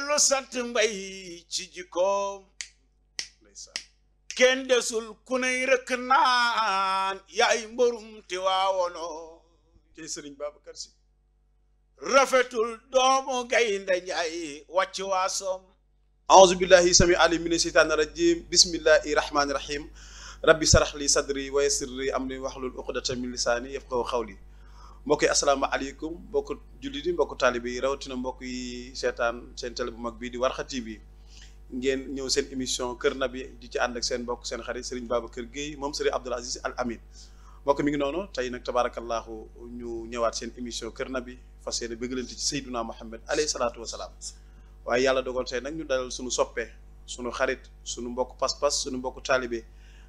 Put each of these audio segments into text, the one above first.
dellu sant mbay ci jikkoom kenn desul ku ney rëkk naan yaay mbërum ti waawonoo te sëriñ Babacar Si rafetul doomu gaynde njaay wàcc waasoom aouzu billahi sami alim mina sheytaani rajim bismillahi rahmaani rahim rabbi sarax li sadri wa yassir li amri wahlul uqdatan min lisaani yafqahu qawli mbokk yi asalaamaaleykum mbokk jullit yi mbokk taalibe yi rawatina mbokk yi seetaan seen télé bu mag bii di war xa TV ngeen ñëw seen émission Kër Nabi di ci ànd ak seen mbokk seen xarit Serigne Babacar Guèye moom Serigne Abdoul Aziz Al Amin mbokk mi ngi noonu tey nag tabaarakallaahu ñu ñëwaat seen émission Kër Nabi fas yéene bëggalante ci Seyduna Muhammad alayhi salaatu wa salaam waaye yàlla dogal tey nag ñu dalal suñu soppee sunu xarit suñu mbokk pas-pas suñu mbokk taalibe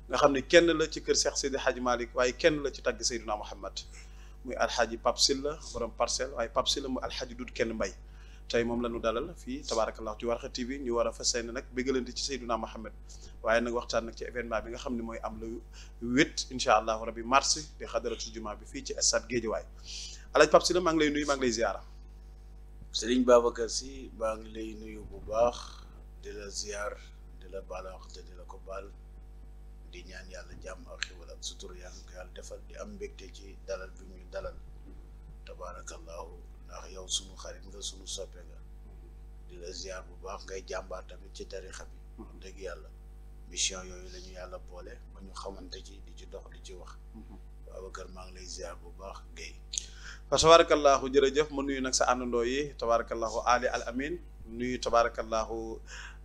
nga xam ne kenn la ci kër Cheikh Seydi Hadji Malick waaye kenn la ci tagg Seyduna Muhammad muy alxaaji Pape Sylla borom parcelle waaye Pape Sylla mu alxaaji dut kenn mbay tey moom la dalal fii tabarakallah ci Warkha TV ñu war a fas yéene nag bégalante ci Seydouna Mohamed waaye nag waxtaan nag ci événement bi nga xam ne mooy am lu wét incha allahu rabi mars di xadaratu jumaa bi fii ci stade Guédiawaye alxaaji Pape Sylla maa ngi lay nuyu maa ngi lay ziara Serigne Babacar Sy maa ngi lay nuyu bu baax di la ziar di la baala wax te di la ko baal di ñaan yàlla jàmm ak xéwal ak sutur dalal tabaarakallaahu ndax yow sunu xarit nga sunu soppe nga di la ziar bu baax ngay jàmbaar ci tarixa bi wax dëgg yàlla mission yooyu la yàlla boole ba ñu xamante ci di ci dox di ci wax Babacar maa ngi lay ziar bu baax Guèye fa tabaarakallaahu jëf ma nuyu nag sa àndandoo yi tabaarakallaahu Ali Al Amin nuyu tabaarakallaahu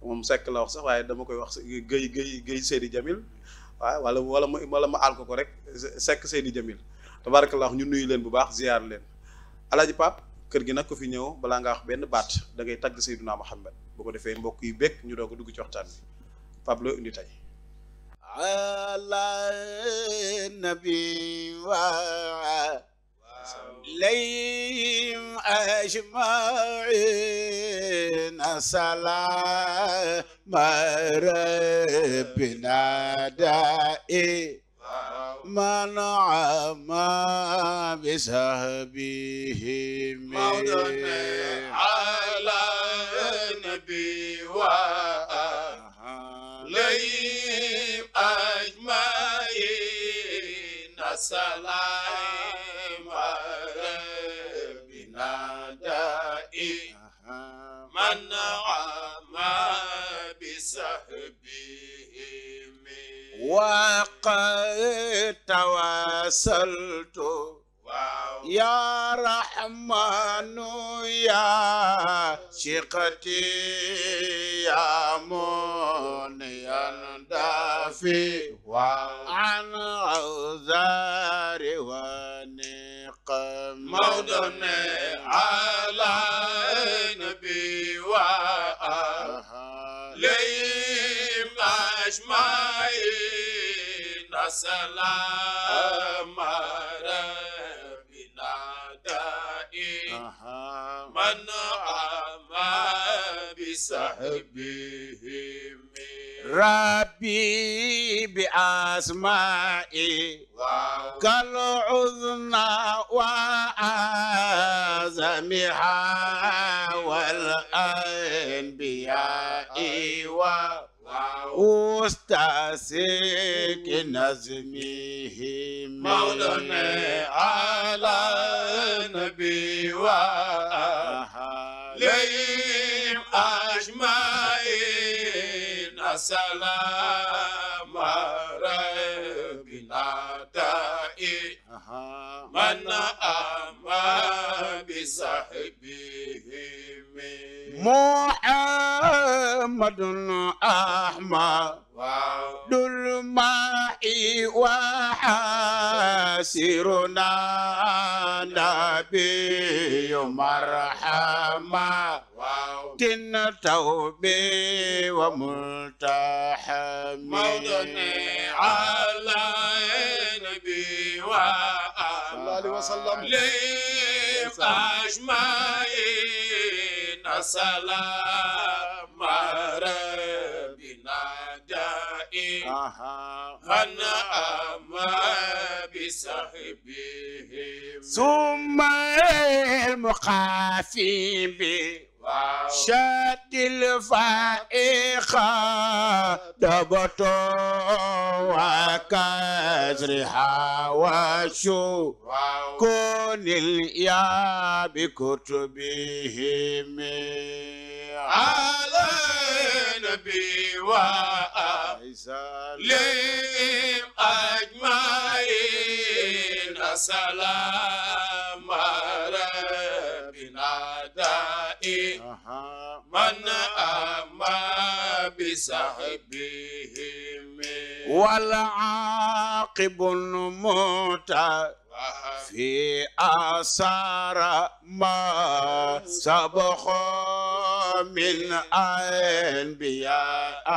moom sekk la wax sax waaye dama koy wax Guèye Guèye Guèye Seydi Jamil waaw wala wala ma wala ma àll ko rek sekk Seydi Jamil tabarakallah ñu nuyu leen bu baax ziar leen alaaji pap kër gi nag ko fi ñëw balaa nga wax benn baat da ngay tagg Seydina Muhammad bu ko defee mbokk yi bekk ñu doog a dugg ci waxtaan bi loo indi tey من عما بسهبه موضنا على النبي وآلهم أجمعين السلام ربنا دائم من عما بسهبه وقد تواصلت يا رحمن يا شقتي يا من يندفي عن عذار ونقم موضن وسلام ربنا دائم من عما بصحبه ربي بأسمائي كالعذنى وأعظمها والأنبياء أستاسك نزمهم مولانا على نبي وآلهم أجمعين السلام ربنا دائم من أما بصحبه محمد أحمد الماء وحاسرنا نبي مرحمة تن توبي وملتحم موضني على نبي وآله وسلم لي أجمعين سلام ربنا دائم أنا أما بصحبهم ثم المقافي شات الفائقة دبطو وكازرها وشو كون اليا بكتبهم على نبي وأسلم أجمعين سلام رب من أما بصحبهم والعاقب الموتى في آثار ما سبق من أنبياء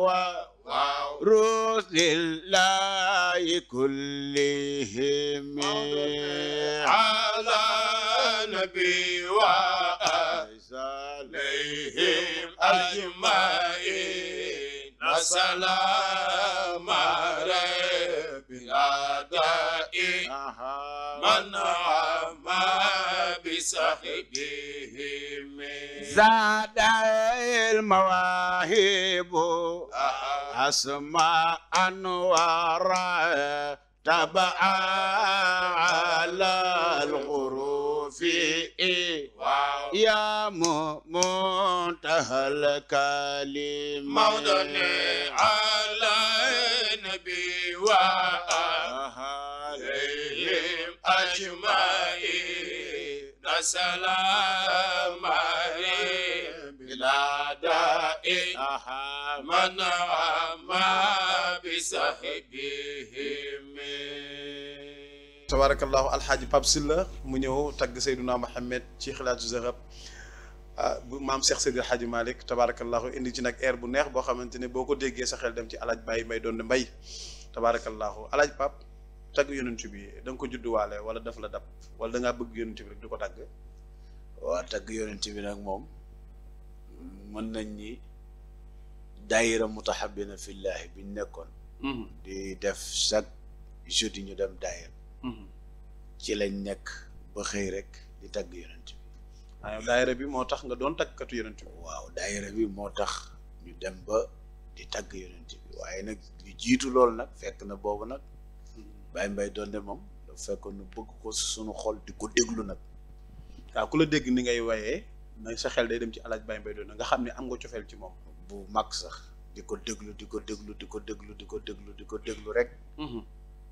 ورسل الله كلهم على نبي وعلى أجمعين وسلام بلا داء من عم بصحبه زاد المواهب أسماء أنوار تبع على الغروف يا منتهى الكلمة موضني على النبي وآلهم أجمعين سلام بلا داء من عما بصحبهم tabaarakallaahu alxaaji si la mu ñëw tagg Seydouna Mohamed ci xilaatu zahab ah bu maam Cheikh Seydi Alxaaji Malick tabaarakallaahu indi ci nag air bu neex boo xamante ne boo ko déggee sa xel dem ci alaaj Baye Mbaye doon mbay tabaarakallaahu alaaj Pape tagg yonent bi da ko judduwaale wala daf la dab wala da bëgg yonent bi rek di ko tagg waa tagg yonent bi nag moom mën nañ ñi daayira mutahabina fillahi biñ nekkoon mhm. di def chaque jeudi ñu dem daayira ci lañ nekk ba xëy rek di tagg yonent bi waaw ah, daayira bi moo tax nga doon taggkatu yonent bi waaw daayira bi moo tax ñu dem ba di tagg yonent bi waaye nag ñu jiitu lool nag fekk na boobu nag Baye Mbaye Donde moom dafa fekkoon nu bëgg ko suñu xol di ko déglu nag waaw ah, ku la dégg ni ngay wayee na sa xel day dem ci alaaj Baye Mbaye Donde nga xam ne am nga cofeel ci moom bu mag sax di ko déglu di ko déglu di ko déglu di ko déglu di ko déglu rek mhm.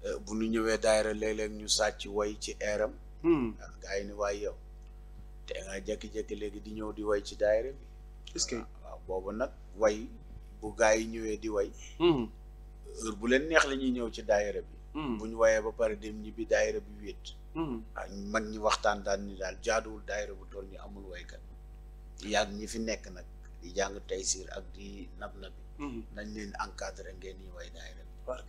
Euh, bu ñu ñëwee daayira léeg ñu sàcc woy ci eeram waaw hmm. ah, gars yi ni waay yow te nga jékki-jékki léegi di ñëw di woy ci daayira bi parce que ah, waaw boobu nag way bu gars yi ñëwee di way hmm. heure bu leen neex la ñuy ñëw ci daayira bi hmm. bu ñu wayee ba pare dem ñi bi bi wéet waaw ah, mag ñi waxtaan daan ni daal jaaduwul daayira bu tool ni amul waykat yàgg ñi fi nekk nag di jàng tey siir ak di nab nabi nañ leen encadré ngeen ñuy way daayira bi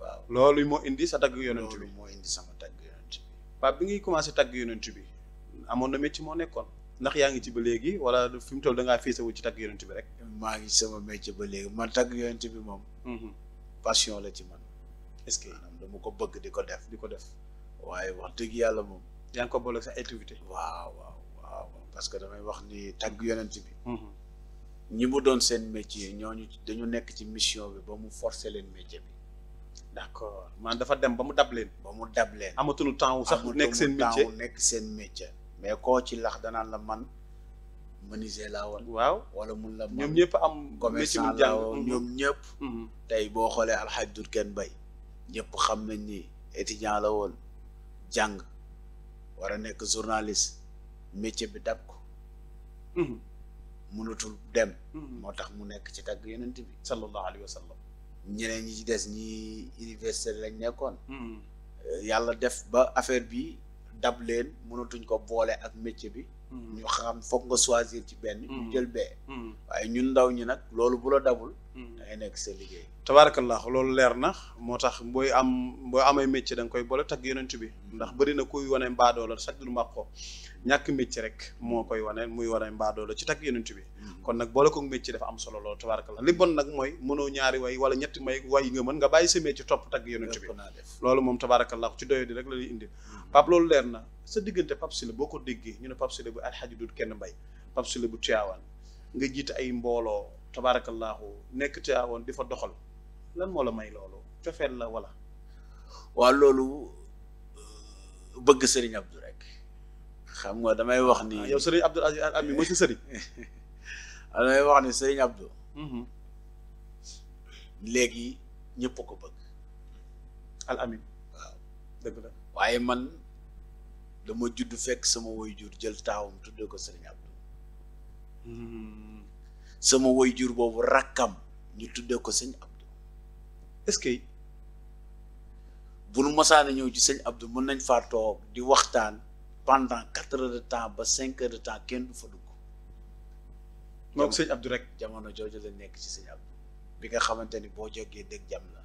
waaw loolu moo indi sa tagg yonent bi moo indi sama tagg yonent bi Pape bi ngay commencé tagg yonent bi amoon na métier moo nekkoon ndax yaa ngi ci ba léegi wala fi mu toll dangaa ngaa féesewu ci tagg yonent bi rek maa ngi sama métier ba léegi man tagg yonent bi moom mm-hmm. passion la ci man est-ce que maanaam dama ko bëgg di ko def di ko def waaye wax dëgg yàlla moom yaa ngi sa activité waaw waaw waaw parce que damay wax ni tagg yonent bi mm-hmm. ñi mu doon seen métier ñooñu dañu nekk ci mission bi ba mu forcer leen métier bi d' accord man dafa dem ba mu dab ba mu dab leen amatul temps wu sax. nekk seen métier amatul nekk seen métier. mais koo ci lax danaan la man menuisier laa woon. waaw wala mun la man ñoom ñëpp am. métier mu jàng ñëpp. Mm-hmm. tey boo xoolee alxaj dur kenn bay ñëpp xam nañ nii étudiant la woon jàng wara nekk journaliste métier bi dab ko. Mm-hmm. mënatul dem. Mm-hmm. moo tax mu nekk ci tàgg yeneen bi sallallahu alayhi wa sallam. ñeneen ñi ci des ñi université lañ nekkoon. Hmm. Euh, yàlla def ba affaire bi dab leen mënatuñ ko boole ak métier bi. Hmm. ñu xam foog nga choisir ci benn. ñu hmm. jël bee. waaye ñun ndaw ñi nag loolu bu la dabul. Mm. da ngay nekk sa liggéey. tabaarakallah loolu leer na moo tax booy am booy amay métier da nga koy boole tagg yonent bi mm. ndax bëri na kuy wane mbaadoo la chaque jour mbàqoo ñàkk rek moo koy wane muy wane mbaadoo la ci tagg yonent bi. Mm. kon nag boole ko métier dafa am solo loolu tabaarakallah li bon nag mooy mënoo ñaari way wala ñetti may way nga mën nga bàyyi sa métier topp tagg yonent bi loolu moom tabaarakallah ci doyo di rek la lay indi Pape loolu leer sa diggante Pape Sylla boo ko déggee ñu ne Pape Sylla bu alxaji dul kenn mbay Pape Sylla bu Tiwaawan nga tabaarakallaahu nekk Tiwaawoon di fa doxal lan moo la may loolu cofeel la wala waa loolu euh, bëgg sëriñ Abdou rek xam nga damay wax ni ah, yow sëriñ Abdou ah, Ami mooy sa sëriñ damay mhm. léegi ñëpp ko bëgg al waaw dëgg la waaye man dama judd fekk sama woy jur jël taawam tuddee ko sëriñ Abdou hmm. sama woy jur boobu rakkam ñu tuddee ko sëñ Abdou est-ce que bu nu ñëw ci sëñ Abdou mën nañ faa toog di waxtaan pendant quatre heures ba cinq heures de temps kenn du fa dugg moom sëñ Abdou rek jamono jooju la nekk ci sëñ Abdou bi nga xamante ni boo jógee dëgg jam la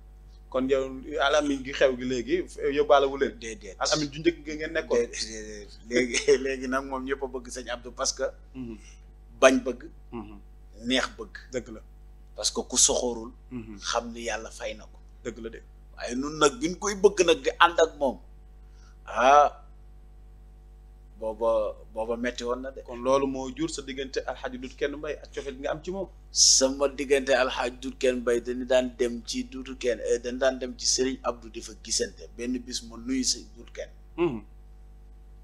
kon yow alamin gi xew gi léegi yóbbaale wu leen déedéet alamin ju njëkk nga ngeen nekkoon déedéet léegi léegi nag moom ñëpp a bëgg sëñ Abdou parce que mhm. bañ bëgg mhm. neex bëgg. dëgg la parce que ku soxorul. Mhm. xam ni yàlla fay na ko. dëgg la de waaye nun nag bi ñu koy bëgg nag di ànd ak moom ah booba booba metti woon na de. kon loolu moo jur sa diggante alxaaji dut kenn mbay ak cofet nga am ci moom. sama diggante alxaaji dut mbay dañu daan dem ci duutu kenn eh, dañu daan dem ci Serigne Abdou di fa gisante benn bis ma nuyu si dut kenn.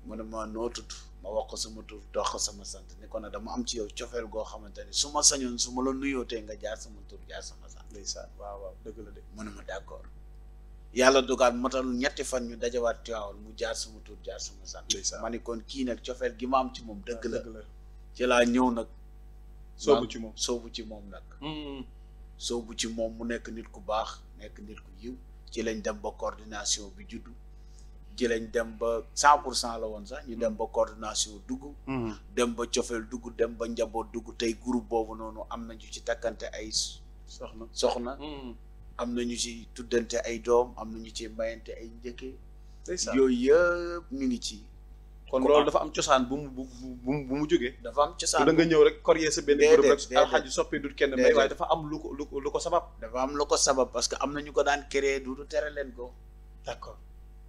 mu noo tudd. ma wax ko sama tur dox ko sama sant ni kon ne dama am ci yow cofeel goo xamante ni su ma sañoon su ma la nuyoo tey nga jaar sama tur jaar sama sant. ndeysaan waaw waaw dëgg la de mu ne ma d'accord yàlla dugaat matal ñetti fan ñu dajawaat mu jaar sama tur jaar sama sant. ndeysaan ma ni kon kii nag cofeel gi ma am ci moom. dëgg la ci laa ñëw nag. soobu ci moom soobu ci moom nag. Mm-hmm. soobu ci moom mu nekk nit ku baax nekk nit ku yiw ci lañ dem ba coordination bi juddu. ci lañ dem ba cent pour cent la woon sax ñu dem ba coordination dugg mhm. dem ba cofeel dugg dem ba njaboot dugg tey groupe boobu noonu am na ñu ci takkante ay soxna soxna mhm. am na ñu ci tuddante ay doom am na ñu ci mayante ay njëkke yooyu yëpp ñu ngi ci kon loolu dafa am cosaan bu mu bu mu bu mu jógee. dafa am cosaan da nga ñëw rek koriyee sa benn groupe rek alxaji soppi dut kenn may waaye dafa am lu ko lu ko sabab. dafa am lu ko sabab parce que am na ñu ko daan créer du tere leen ko. d'accord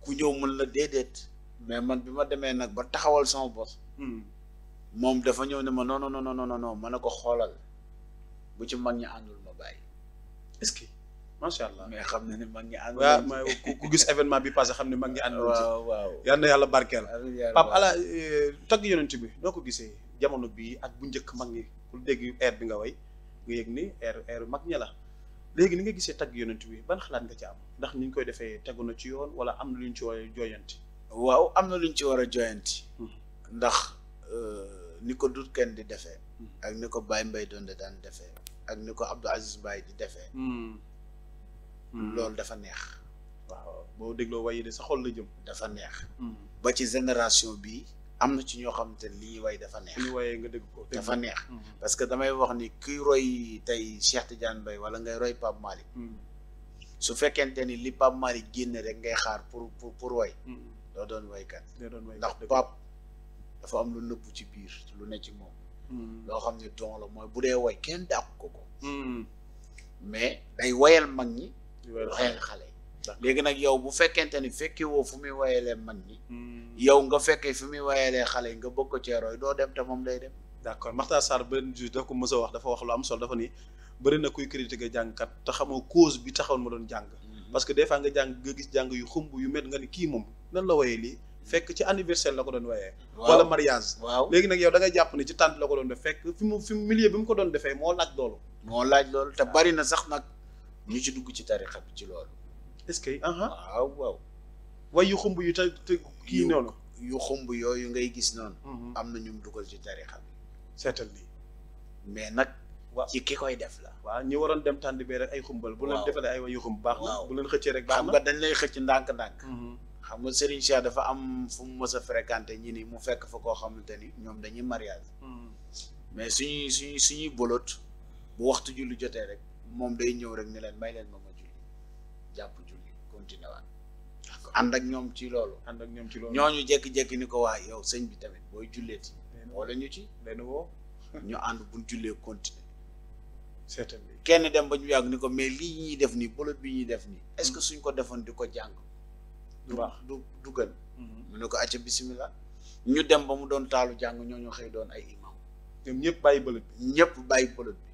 ku ñëw mën la déedéet mais man bi ma demee nag ba taxawal sama bos hmm. moom dafa ñëw ne ma non non non non non na ko xoolal bu ci mag ñi àndul ma bàyyi est-ce que macha allah mais xam ne ne mag ñi àndul waaw ku gis événement bi passé xam ne mag ñi àndul waaw waaw yàlla barkeel Pape ala eh, tagg yonent bi noo ko gisee jamono bii ak bu njëkk mag ñi ku dégg air bi nga way nga yëg ni air air mag ñi la léegi ni nga gisee tagg yonent bi ban xalaat nga ci am ndax ni ñu koy defee tegu na ci yoon wala am na lu ñu ci war a jooyanti. waaw am na lu ñu ci war a jooyanti. Hmm. ndax euh, ni ko dut kenn di defe hmm. ak ni ko baay mbay doon daan defee. ak ni ko Abdou Aziz Baye di defee. Hmm. loolu dafa neex. waaw boo dégloo waaye de sa xol la jëm. dafa neex. ba ci génération bi am na ci ñoo xamante ne lii way dafa neex. lii waaye nga dégg ko dafa neex. Mm-hmm. parce que damay wax ni kuy roy tey Cheikh Tidiane Mbaye wala ngay roy Pape Malick. Mm-hmm. su fekkente ni li Pape Malick génn rek ngay xaar pour pour pour way. Mm-hmm. doo doon waykat. ndax Pape dafa am lu nëbbu ci biir lu ne ci moom. loo xam ne don mooy bu dee way kenn dàqu ko ko. mais day wayal mag ñi. wayal xale léegi nag yow bu fekkente ni fekki woo fu muy wayelee man ñi hmm. yow nga fekkee fu muy wayelee xale yi nga bëgg ko ceerooy doo dem te moom day dem d'accord Makhtar Sarr benn juge dafa ko mës a wax dafa wax lu am solo dafa ni bëri na kuy critiquer jàngkat te xamoo cause bi taxawoon ma doon jàng hmm. parce que des fois nga jàng nga gis jàng yu xumb yu met nga ni kii moom nan la wayee lii hmm. fekk ci anniversaire la ko doon wayee wala mariage waaw léegi nag yow da nga jàpp ne ci la ko doon def fekk fi mu fi mu milieu bi mu ko doon defee moo laaj loolu moo laaj loolu te bari na sax nag ñu ci dugg ci tarixa bi ci loolu est-ce que uh-huh. ah, waaw waaw way yu xumb yu te te kii noonu yu xumb yooyu ngay gis noonu mm-hmm. am na ñum dugal ci tarixa bi seetal lii mais nag waaw ci ki koy def la waaw ñi waroon dem tànd rek ay xumbal bu leen defalee ay way yu xumb baax na bu leen xëccee rek baax na xam dañ lay xëcc ndànk-ndànk mm-hmm. xam nga Serigne Cheikh dafa am fu mu mës a ñi ni mu fekk fa koo xamante ni ñoom dañuy mariage mm-hmm. mais suñuy suñuy suñuy bolot bu waxtu julli jotee rek moom day ñëw rek ni leen may leen ma ma julli jàpp julli continué waat ànd ak ñoom ci loolu ànd ak ñoom ci loolu ñooñu jékki-jékki ni ko waay yow sëñ bi tamit booy julleeti wala ñu ci leen woo ñu ànd buñ jullee continuer certainement kenn dem ba ñu yàgg ni ko mais lii ñuy def nii bolot bi ñuy def nii est-ce que mm. suñ ko defoon di ko jàng du baax du du mm-hmm. mu ne ko acca bisimilah ñu dem ba mu doon taalu jàng ñoo ñu xëy doon ay imam ñëpp bàyyi bolot bi ñëpp bàyyi bolot bi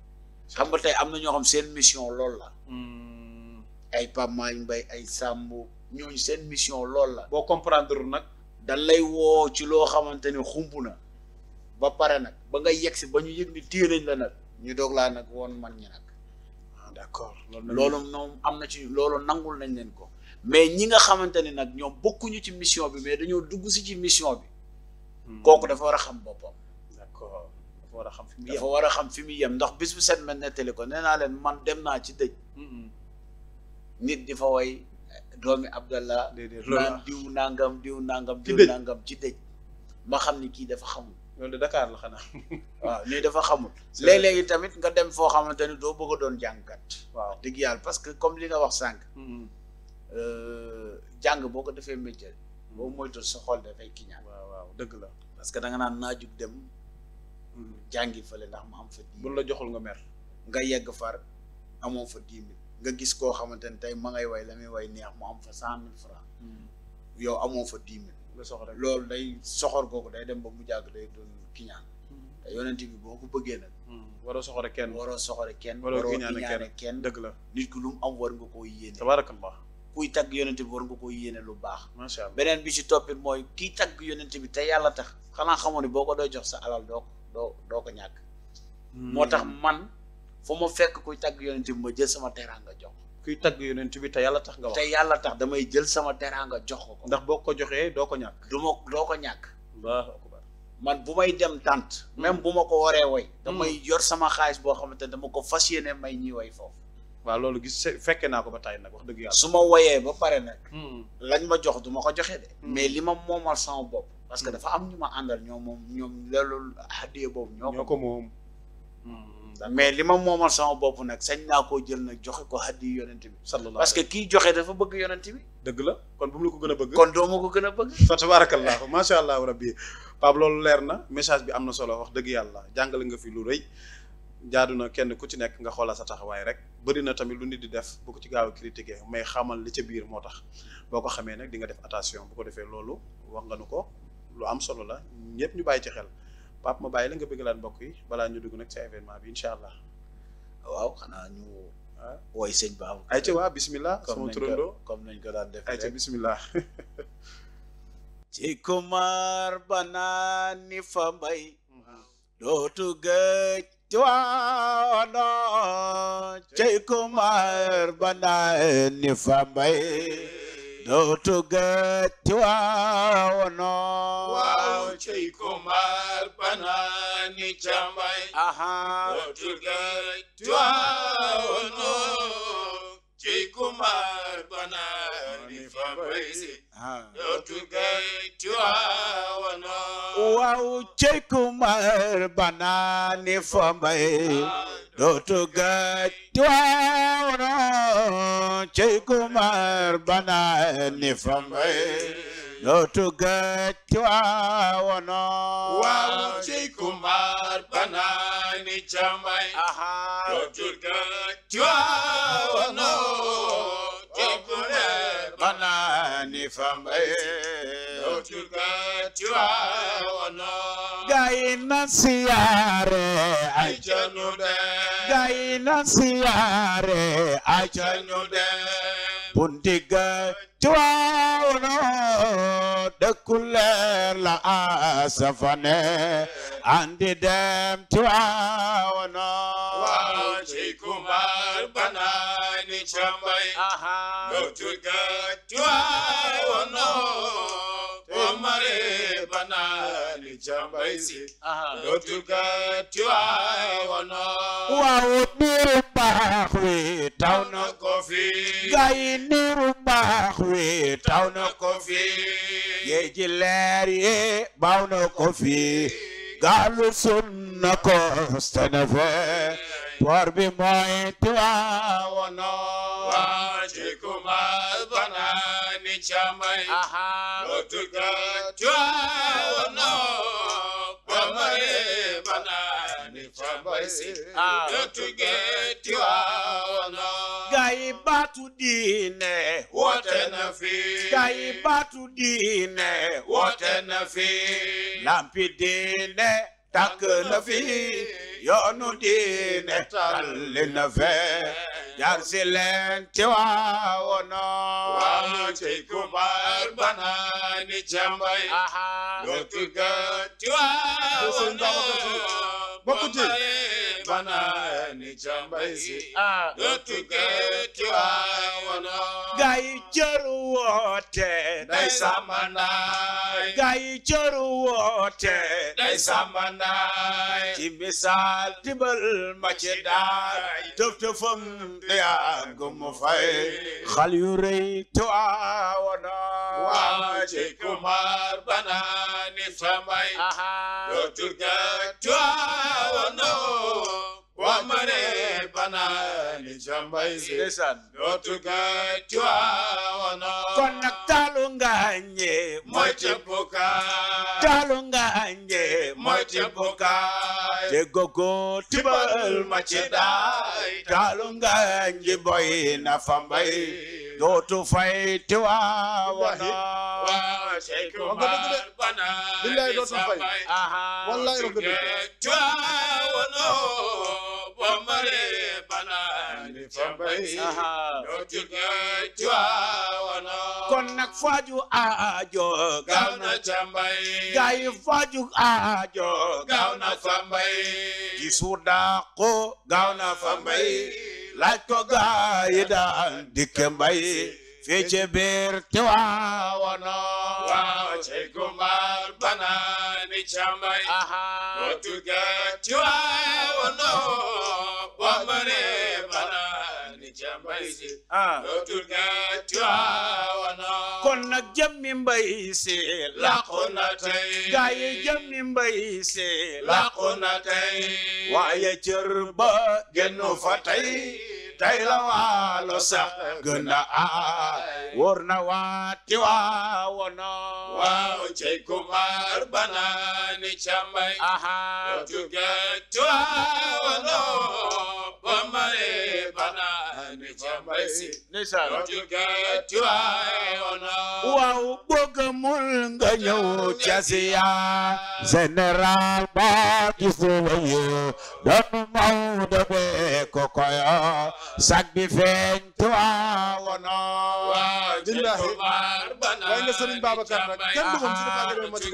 xam nga tey am na ñoo xam seen mission loolu la mm. ay Pape Magne Mbaye ay Samb ñooñu seen mission loolu la boo comprendre nag dañ lay woo ci loo xamante ne xumb na ba pare nag ba nga yegg si ba ñu yëg ni téye nañ la nag ñu doog laa nag woon man ñi nag ah, d'accord loolu moom am na ci loolu nangul nañ leen ko mais ñi nga xamante ne nag ñoom bokkuñu ci mission bi mais dañoo dugg si ci mission bi hmm. kooku dafa war a xam boppam d'accord dafa war a xam fi mu yem dafa war a xam fi mu yem ndax bis set ma nettali ko nee naa leen man dem naa ci dëj hmm. nit di fa way eh, doomi Abdallah naan diw nangam diw nangam diw nangam ci dëj ma xam ni kii dafa xamul loolu de Dakar la xanaa nii dafa xamul léeg-léegi tamit nga dem foo xamante ni doo bëgg doon jàngkat waaw dëgg yàlla parce que comme li nga wax sànq mm-hmm. euh, jàng boo ko defee métier mm-hmm. boo moytu sa xol dafay kiñaan waaw waaw dëgg la parce que da nga naan naajug dem mm-hmm. jàngi fële ndax ma am fa dix joxul nga mer nga yegg far amoo fa dix mille nga gis koo xamante ne tey ma ngay way la may way neex mu am fa cent mille francs hmm. yow amoo fa dix mille nga soxor loolu day soxor googu day dem ba mu jàgg day doon ki hmm. te yonent bi boo ko bëggee nag hmm. waroo soxore kenn waroo soxore kenn waroo kiñaane kenn dëgg la nit ku lu mu am war nga koo yéene tabarakallah kuy tagg yonent bi war nga koo yéene lu baax masha Allah beneen bi si toppit mooy kiy tagg yonent bi te yàlla tax xanaa xamoon ne boo ko doy jox sa alal doo doo doo ko ñàkk moo tax man fu ma fekk kuy tagg yonent bi ma jël sama teraanga jox kuy tagg yonent bi te yàlla tax nga wax te yàlla tax damay jël sama nga jox ko ko ndax boo ko joxee doo ko ñàkk du ma doo ko ñàkk man bu may dem tànt même bu ma ko waree woy damay hmm. yor sama xaalis boo xamante ne dama ko fas yéene may ñi woy foofu waaw loolu gis fekkee naa ko ba tàyyi nag wax dëgg yàlla su ma woyee ba pare nag hmm. lañ ma jox duma ko joxe de hmm. mais li ma moomal sama bopp parce que dafa am ñu ma àndal ñoo moom ñoom loolu hadiya boobu ñoo ko moom mais li ma moomal sama bopp nag sañ naa koo jël nag joxe ko haddi yonent bi sallallahu parce que kii joxe dafa bëgg yonent bi dëgg la kon bu mu la gën a bëgg kon doo ma ko gën a bëgg fa tabarakallah macha allah rabbi Pape loolu leer na message bi am na solo wax dëgg yàlla jàngale nga fi lu rëy jaadu na kenn ku ci nekk nga xoolal sa taxawaay rek bëri na tamit lu di def bu ko ci gaaw a critiquer mais xamal li ca biir moo tax boo ko xamee nag di nga def attention bu ko defee loolu wax nga nu ko lu am solo la ñëpp ñu bàyyi ci xel Pape ma la nga bëgg laan mbokk yi balaa ñu dugg nag ci événement bi incha allah. waaw xanaa ñu. ah wooy sëñ Ba. ayca waa bisimilah. ko daan defee ci kumar banaan fa mbay. dootu gëj. waaw cey kumar banaan ni fa mbay. dootu gàcc waawono waaw cey kumar banaani camay aha dootu gàcc waawono cey kumar banaani fabaysi waaw cey kumar banaani fa mbay banaani fa mbay dootu gaaj tiwaawano waaw banaani ca mbay dootu gaaj Fambaye doo tukka Tiwaawana gayi na siyaare ay ca nu dem gayi na siyaare ay ca nu dem buntiga Tiwaawana dëkku leer la asafane andi dem Tiwaawana Chambay. Lotuga Tuai Wano. Omare Banani Chambay si. Lotuga Tuai Wano. Wow, Nirumba Kwe Town of Coffee. Gai Nirumba Kwe Town of Coffee. Yejileri Bound of Coffee. Galusun Nakostanafe. وارب مويتوا ونور واجكما بناني شامي وتكتوا ونور ومري بناني شامي وتكتوا ونور Gaibatu dine wote na fi Gaibatu dine wote na fi Lampi dine takk na fi yoonu diine talli na fee jaar si leen ci waawono waaw cey kubaar banaani jambay dootu ga ci waawono bokku ci fanaani jàmbay si ah dootu géeti woote day sàmmanaay gaa yi woote day sàmmanaay ci misaal tibal ma ci daay tëf tëfam um, day àggum fay xal yu rëy waa ci kumar banaani famay dootu géeti waawono mare bana ni jambay si ndeysaan dootu ga tiwaawana kon nag taalu nga ñe mooy teppuka taalu nga ñe mooy teppuka te gogo tibal ma ci daay taalu nga ñe boy na fambay dootu fay tiwaawana waa Cheikh Omar bana ni jambay aha wallahi kon nag faju aajo gaaw cambay gaay faju aajo gaaw fambay ci suudaa ko fambay laaj ko daan dikke mbay fece beer te waawono waaw cey gumbar banaani cambay ko tuga ci waa ah dootuñu Tiwaawana kon nag jëmmi mbay si làqu na tey gaa yi jëmmi mbay si làqu na tey waaye cër ba gennu fa tey tey la waalo sax gën na aar wóor na waa Tiwaawana waaw cey kumar banaani càmbay aha dootuñu Tiwaawana ba mare banaani jambasi waaw bëggamul nga ñëw ca siya général di suwayo doon maw dobe kokoyo sag bi feeñ tuwa wono billahi waaye nga sëriñ Babacar nag kenn du si dafa demee ma ci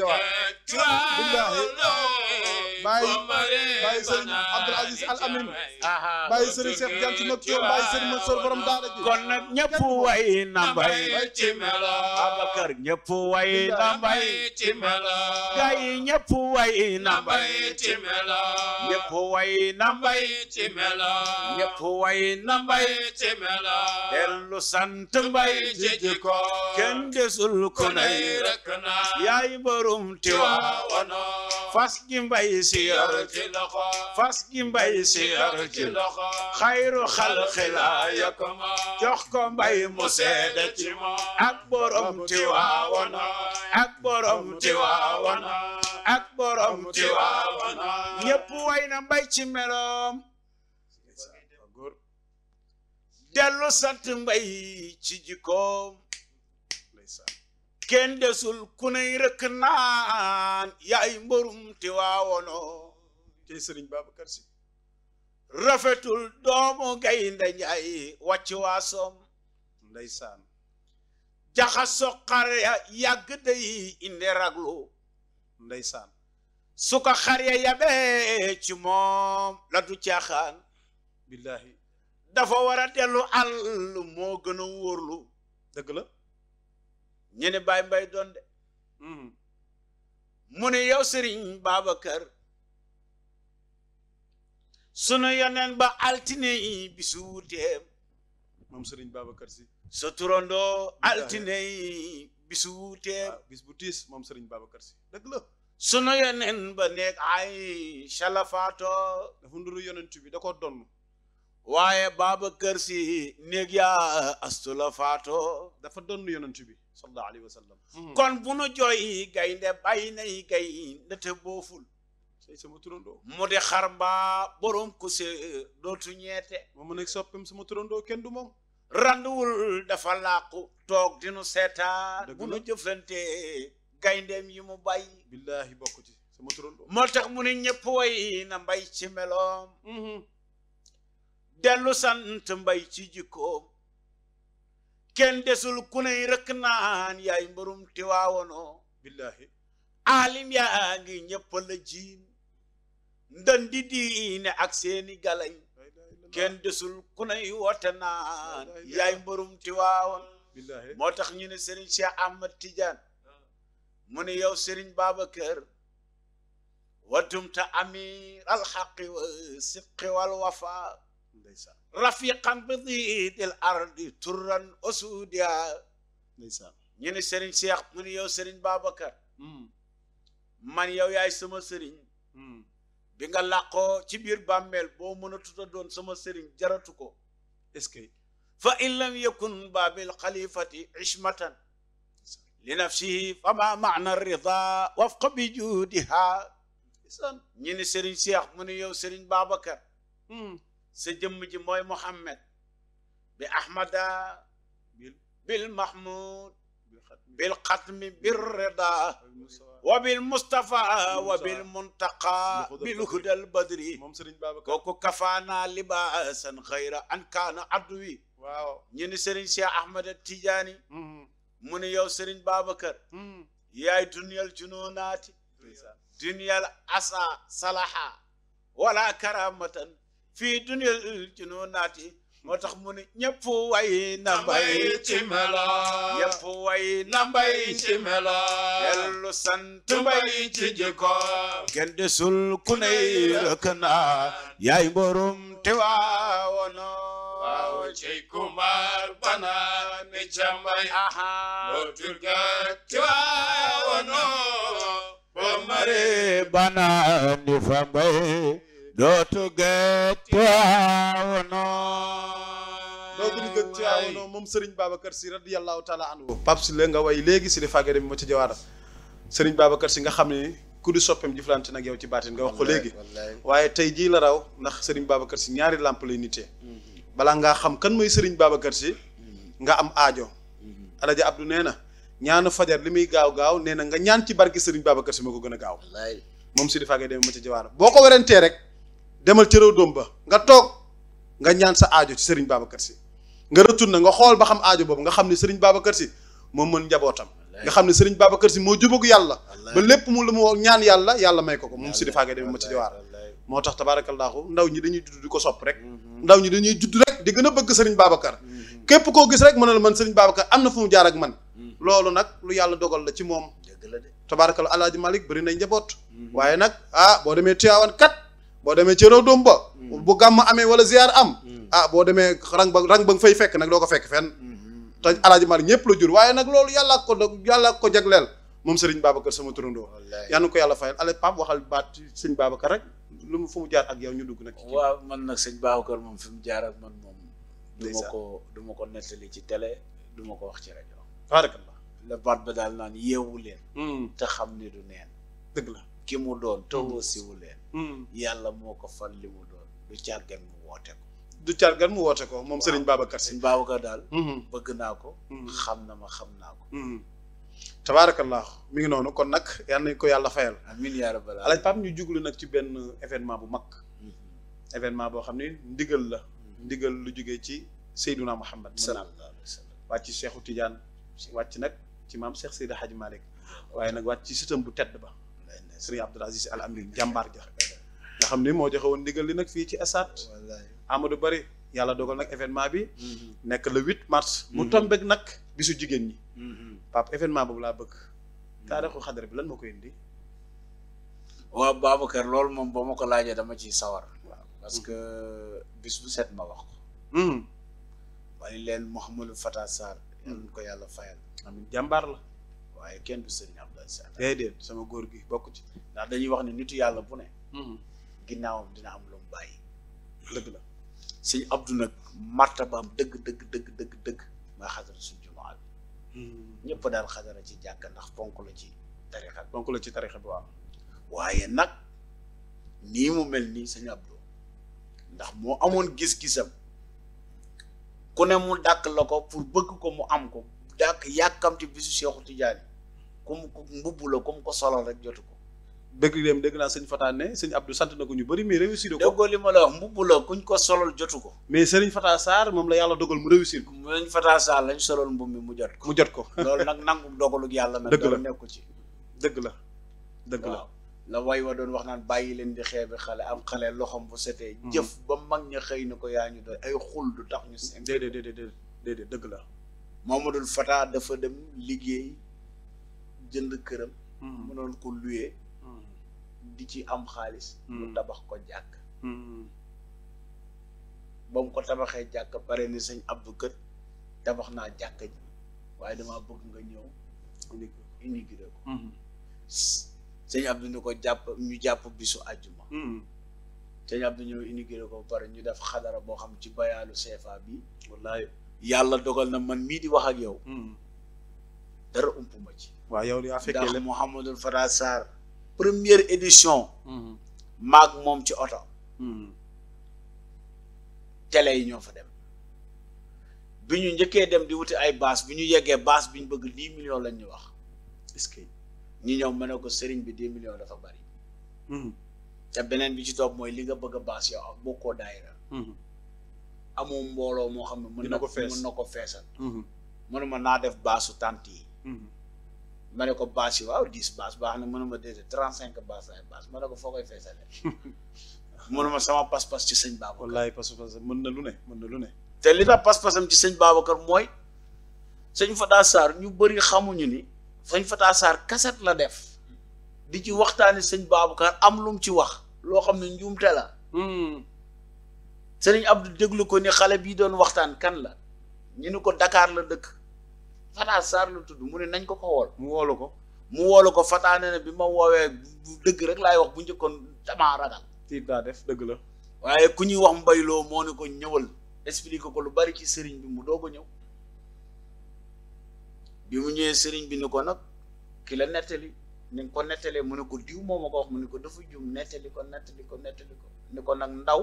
bàyyi bàyyi sëriñ Abdoul Al Amin bàyyi sëriñ Cheikh Diagne ci borom daara ji kon way na mbay ci melo Abakar ñëpp way na mbay ci melo gay way na mbay ci melo ñëpp way ci melo kenn desul ko nay rek na yaay borom tiwa wono fas gi si yar ci loxo fas mbay si yar ci loxo xayru xalqi laa jox ko mbay mu seede ci moom ak borom ti waawona ak borom ti waawona ñépp way mbay ci meloom dellu sant mbay ci jikkoom kenn desul ku ney rëkk naan yaay mbërum ti waawono ci sëriñ Babacar Si rafetul doomu gaynde njaay wàcc waasoom ndeysaan jaxaso xar ya yàgg day inde raglu ndeysaan su ko xar ya yabee ci moom la du caaxaan billahi dafa war dellu àll moo gën a wóorlu ñu ne Baye Mbaye doon de mm-hmm. mu ne yow Serigne Babacar sunu yoneen ba altine yi bisu wuuteem moom Serigne Babacar i sa altine yi bisu wuuteem ah, bis bu tiis moom Serigne Babacar si dëgg la sunu yoneen ba nekk ay salafaato dafa nduru yonent bi da ko donn waaye kër si néeg yaa astula faato dafa donn yonent bi sallallahu alayhi wa sallam hmm. kon bu nu jooy gaynde bàyyi nay gaynde booful turandoo mu de xar mbaa borom ku se dootu ñeete moo mu nekk soppim sama turandoo kenn du moom randuwul dafa làqu toog di nu seetaan bu nu jëflante gayndeem yi mu bàyyi billaahi bokk ci sama turandoo moo tax mu ne ñëpp way na mbay ci meloom mhm. dellu sant mbay ci jikkoom kenn desul ku ney rëkk naan yaay mbërum tiwaawono billahi aalim yaa ngi ñëpp la jiin ndan di ak seeni galay kenn desul ku ney woote naan yaay mbërum tiwaawoon moo tax ñu ne sëriñ Cheikh Ahmad Tidiane mu ne yow sëriñ Babacar watumta amir alxaqi wa sidqi wal wafa rafiqan bi diidil ardi turran asudia ndeysaan ñu ni sëriñ Cheikh mu ni yow sëriñ hmm. yow yaay sama sëriñ hmm. bi nga làqoo ci biir bàmmeel boo mën a doon sama sëriñ jaratu ko est-ce que fa in lam yakun baabil xalifati ismatan li nafsihi fama maana rida wafqa bi juudiha ñi ni sëriñ Cheikh mu ni yow sëriñ Babacar hmm. sa jëmm ji mooy Muhammad bi ahmada bil mahmud bil xatmi bir rida wa bil mustafa wa bil muntaqa bil hudal badri kooku kafaana libaasan xayra an kaana adwi waaw ñu ni sëriñ Tijaani mm-hmm. mu yow sëriñ Babacar mm-hmm. yaay duniyal jununaati duniyal asa salaha wala karamatan fii duniyal junuunaati euh, moo tax mu ne ñëpp way na ci mela ñëpp way na ci mela dellu sant mbay ci jikko kenn desul ku ney rëkk naa yaay mborum te waawono waaw cey kumar bana mi ca dootu gëj Tiwaawono dootu gëj Tiwaawono moom Serigne Babacar Sy radiyallahu taala anhu Pape Sylla nga way léegi si li fàggare bi ma ci jawaara Serigne Babacar si nga xam ne ku di soppeem jëflante nag yow ci baatin nga wax ko léegi waaye tey jii la raw ndax Serigne Babacar Sy ñaari làmp lay nitee mm-hmm. balaa ngaa xam kan mooy baaba kër si nga am aajo mm-hmm. Alaji Abdou nee na ñaanu fajar li muy gaaw gaaw nee na nga ñaan ci barke Serigne Babacar Sy moo ko gën a gaaw moom si di fàggee demee ma ci jawaara boo ko werantee rek demal ci réew doom ba nga toog nga ñaan sa aajo ci sëriñ Babacar si nga retourné nga xool ba xam aajo boobu nga xam ne sëriñ Babacar si moom mën njabootam nga xam ne sëriñ Babacar si moo jubag yàlla ba lépp mu lu mu ñaan yàlla yàlla may ko ko moom si di faagee dem ma ci di waar moo tax tabaarakallaahu ndaw ñi dañuy judd di ko sopp rek mhm. ndaw ñi dañuy judd rek di gën a bëgg sëriñ Babacar mhm. képp koo gis rek mën na la man sëriñ Babacar am na fu mu jaar ak man mhm. loolu nag lu yàlla dogal la ci moom tabaarakallaahu alaaji Malick bari nay njaboot waaye nag ah boo demee Tiwaawan kat boo demee ci réew doom ba hmm. bu gàmm amee wala ziar am hmm. ah boo demee rang ba rang ba nga fay fekk nag doo ko fekk fenn hmm. te alaaji Maalik ñëpp la jur waaye nag loolu yàlla ko yàlla ko jagleel moom sëriñ Babacar sama turandoo yal na ko yàlla fayal ale Pape waxal baat sëñ Babacar rek lu mu fu mu jaar ak yow ñu dugg nag waa man nag sëñ Babacar moom fi mu jaar ak man moom du ma ko du ma ko nettali ci télé du ma ko wax ci rajo tabaarakallah la baat ba daal naan yeewu leen te xam ne du neen dëgg la ki mu doon mm. tawoo siwu leen mm. yàlla moo ko fal li mu doon du càggan mu woote ko du càggan mu woote ko moom Serigne Babacar Sy Babacar daal mm-hmm. bëgg naa ko mm-hmm. xam na ma xam naa ko mm-hmm. tabaarakallah mi ngi noonu kon nag yal nañ ko yàlla fayal amiin yaa rabbal alaaj Pape ñu juglu nag ci benn événement bu mag événement boo xam ne ndigal la ndigal lu jóge ci Seydouna Muhammad wàcc Cheikhu Tidiane wàcc nag ci maam Cheikh Seydi Hadji Malick waaye nag wàcc ci sëtam bu tedd ba Serigne Abdoul Aziz Al Amine jàmbaar ja nga xam ni moo joxe woon ndigal li nag fii ci stade Amadou Barry yàlla dogal nag événement bi mm-hmm. nekk le huit mars mu mm-hmm. tombek nag bisu jigéen ñi mm-hmm. Pape événement boobu laa bëgg taarixu xadar bi lan moo koy indi waaw Babacar loolu moom boo ma ko laajee dama ciy sawar parce que bis bu set ma wax ko ma ni leen Mouhamadou Fata Sarr yàlla ko yàlla fayal amiin jàmbaar la waaye kenn du sëriñ Abdou sama góor gi bokk ci ndax dañuy wax ne nitu yàlla bu ne hmm. ginnaawam dina am lu mu bàyyi dëgg la sëñ Abdou nag martabaam dëgg dëgg dëgg dëgg dëgg mooy xadara suñ hmm. daal xadara ci jàkka ndax ponk la ci tarixa bi ponk la ci tarixa bi waaye nag nii mu mel ni sëñ Abdou ndax moo amoon gis-gisam ku ne mu dàkk la ko pour bëgg ko mu am ko dàkk yàkkamti bisu Seexu Tijaani kum mbubb la kum ko solal rek jotu ko dëgg dem dëgg naa sëñ Fata ne sëñ Abdou sant na ko ñu bëri mais réussir ko déggoo li ma la wax mbubb la ko solal jotu ko mais sëriñ Fata Sarr moom la yàlla dogal mu réussir ko sëriñ Fata Sarr lañ solal mbubb mi mu jot ko mu jot ko loolu nag nangu dogalug yàlla nag dëgg la nekku ci dëgg la dëgg la la wa doon wax naan bàyyi leen di xeebi xale am xale loxom setee hmm. jëf ba mag ña xëy na ko yaa ñu doon ay xul du tax si déedéet déedéet dëgg la Mamadou Fata dafa dem liggéey jënd këram. mënoon hmm. ko luye. Hmm. di ci am xaalis. mu hmm. tabax ko jàkk. ba ko tabaxee jàkk bare ni sëñ Abdou kët tabax naa jàkk ji waaye dama bëgg nga ñëw. inauguré ko. sëñ Abdou ni ko jàpp ñu jàpp bisu àjjuma. sëñ Abdou ñëw inauguré ko pare ñu def xadara boo xam ci bayaalu CFA bi. wallaay yàlla dogal na man mii di wax ak yow. dara ump ci. waaw yow yaa fekkee ndax Mouhamadul Faral Sarr première édition. Mhm. maag moom ci oto. Mhm. télé yi ñoo fa dem. bi ñu njëkkee dem di wuti ay baas bi ñu yeggee baas bi ñu bëgg dix millions lañ ñu wax. est-ce ñi ñëw ma ne ko sëriñ bi dix millions dafa bari. Mhm. te beneen bi ci topp mooy li nga bëgg a baas mbooloo moo xam ne. mën na ko fees mën ko feesal. mënuma naa def baasu tànt yi. ma ne ko bâche yi waaw dix bâche baax na mënuma dee trente cinq bâche ay bâche ma ne ko foo koy feesale mënuma sama pas-pas ci sëñ Babacar wallaay pas-pas mën na lu ne mën na lu ne te li tax pas-pasam ci sëñ Babacar mooy sëñ Fata Sarr ñu bëri xamuñu ni sëñ Fata Sarr kaset la def di ci waxtaani sëñ Babacar am lum ci wax loo xam ne njuumte la ab hmm. Abdou déglu ko ni xale bii doon waxtaan kan la ñu ni ko dakaar la dëkk Fata Sarr lu tudd mu ne nañ ko ko wool mu woolu ko mu woolu ko Fata ne bi ma woowee dëgg rek laay wax bu njëkkoon damaa ragal. tiit daa def dëgg la. waaye ku ñuy wax mbayloo moo ne ko ñëwal expliqué ko lu bari ci sëriñ bi mu doog a ñëw bi mu ñëwee sëriñ bi ni ko nag ki la nettali ni ko nettalee mu ne ko diw moo ma ko wax mu ne ko dafa juum nettali ko nettali ko nettali ko ko nag ndaw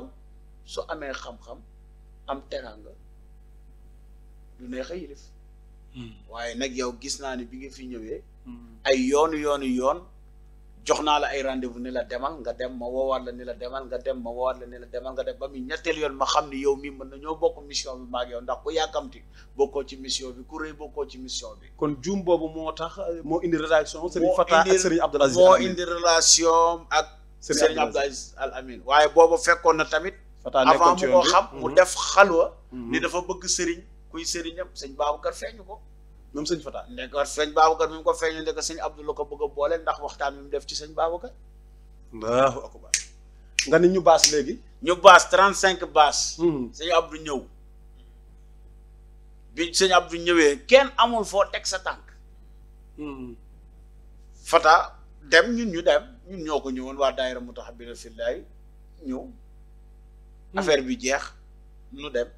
su amee xam-xam am teraanga lu neex a yilif waaye nag yow gis naa ne bi nga fi ñëwee. Hmm. ay yoonu yoonu yoon jox naa la ay rendez-vous ni la demal nga dem ma woowaat la ni la demal nga dem ma woowaat la ni la demal nga dem ba muy ñetteel yoon ma xam ni yow mii mën na ñoo bokk mission bi maag yow ndax ku yàkkamti bokkoo ci mission bi ku bokkoo ci mission bi. kon juum boobu moo tax moo indi relation. Serigne Fata ak Serigne moo indi relation ak. Serigne Abdoul Aziz Al waaye boobu fekkoon na tamit. Fata nekkoon ci avant mu ko xam mu hmm. def xalwa hmm. ni dafa bëgg Serigne. kuy sëriñam sëñ Babacar feeñu ko moom sëñ Fata ndeka sëñ Babacar mi mu ko feeñu ndeka sëñ Abdou la ko bëgg a boole ndax waxtaan bi mu def ci sëñ Babacar ko akbar nga ni ñu baas léegi ñu baas trente cinq baas hmm. sëñ Abdou ñëw bi sëñ Abdou ñëwee kenn amul foo teg sa tànk hmm. Fata dem ñun ñu dem ñun ñoo ko ñëwoon waa daayira Mutahabbina Fillahi ñëw hmm. affaire bi jeex nu dem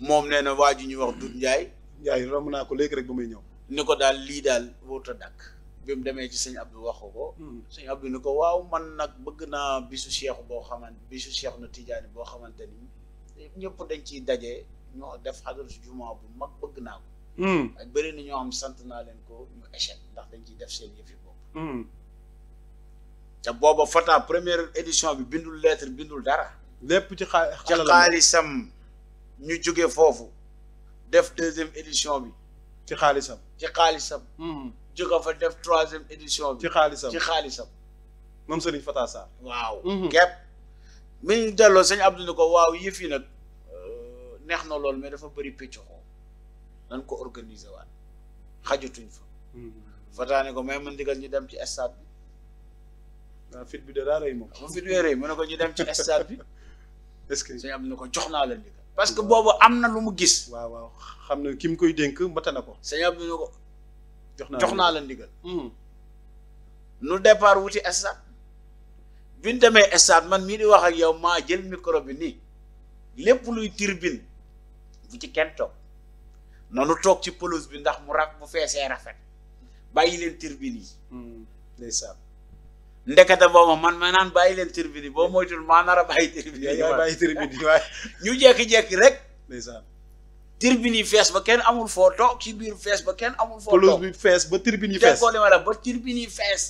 moom nee na waa ji ñuy wax Doudou Ndiaye. Ndiaye romb naa ko léegi rek ba muy ñëw. ni ko daal lii daal wóorut a dàkk. bi mu demee ci sëñ Abdou waxu ko. Hmm. sëñ Abdou ni ko waaw man nag bëgg naa bisu Cheikh boo xamante bisu Cheikh na Tidiane boo xamante ni ñëpp dañ ci daje ñoo def xadar si jumaa bu mag bëgg naa ko. Hmm. ak bëri na ñoo xam sant naa leen ko ñu échec ndax dañ ciy def seen yëfi bopp. Hmm. te booba Fata première édition bi bindul lettre bindul dara. lépp ci xaalisam. ñu jóge foofu def deuxième édition bi. ci xaalisam ci xaalisam. Hmm. jóge fa def troisième édition bi. ci xaalisam xaalisam. moom Serigne Fata Sarr. waaw. Hmm. képp mi ñu delloo sëñ Abdou ni ko waaw yëf yi nag euh, neex na lool mais dafa bëri picc xoo nan ko organiser waat xajutuñ fa. Hmm. Fata ne ko mais man digal ñu dem ci stade bi. waaw ah, fit bi de yi rëy moom. fit bi mu ne ko ñu dem ci stade bi. est-ce que sëñ Abdou ni ko jox naa la ndigal. parce que boobu am na lu mu gis. waaw xam na ki mu koy dénk mbata na ko. sëñ Abdou ne ko. jox naa la jox naa ndigal. Hmm. nu départ wuti stade bi ñu demee man mii di wax ak yow maa jël micro bi nii lépp luy tribune bu ci kenn toog noonu toog ci pelouse bi ndax mu rak bu feesee rafet bàyyi leen tribune yi. Hmm. ndekete boobu man ma naan bàyyi leen tribune boo moytul maa nar a bàyyi tribune yi bàyyi tribune yi waaye ñu jékki-jékki rek ndeysaan tribune yi fees ba kenn amul foo toog ci biir fees ba kenn amul foo toog bi fees ba tribune yi fees li ma la ba tribune yi fees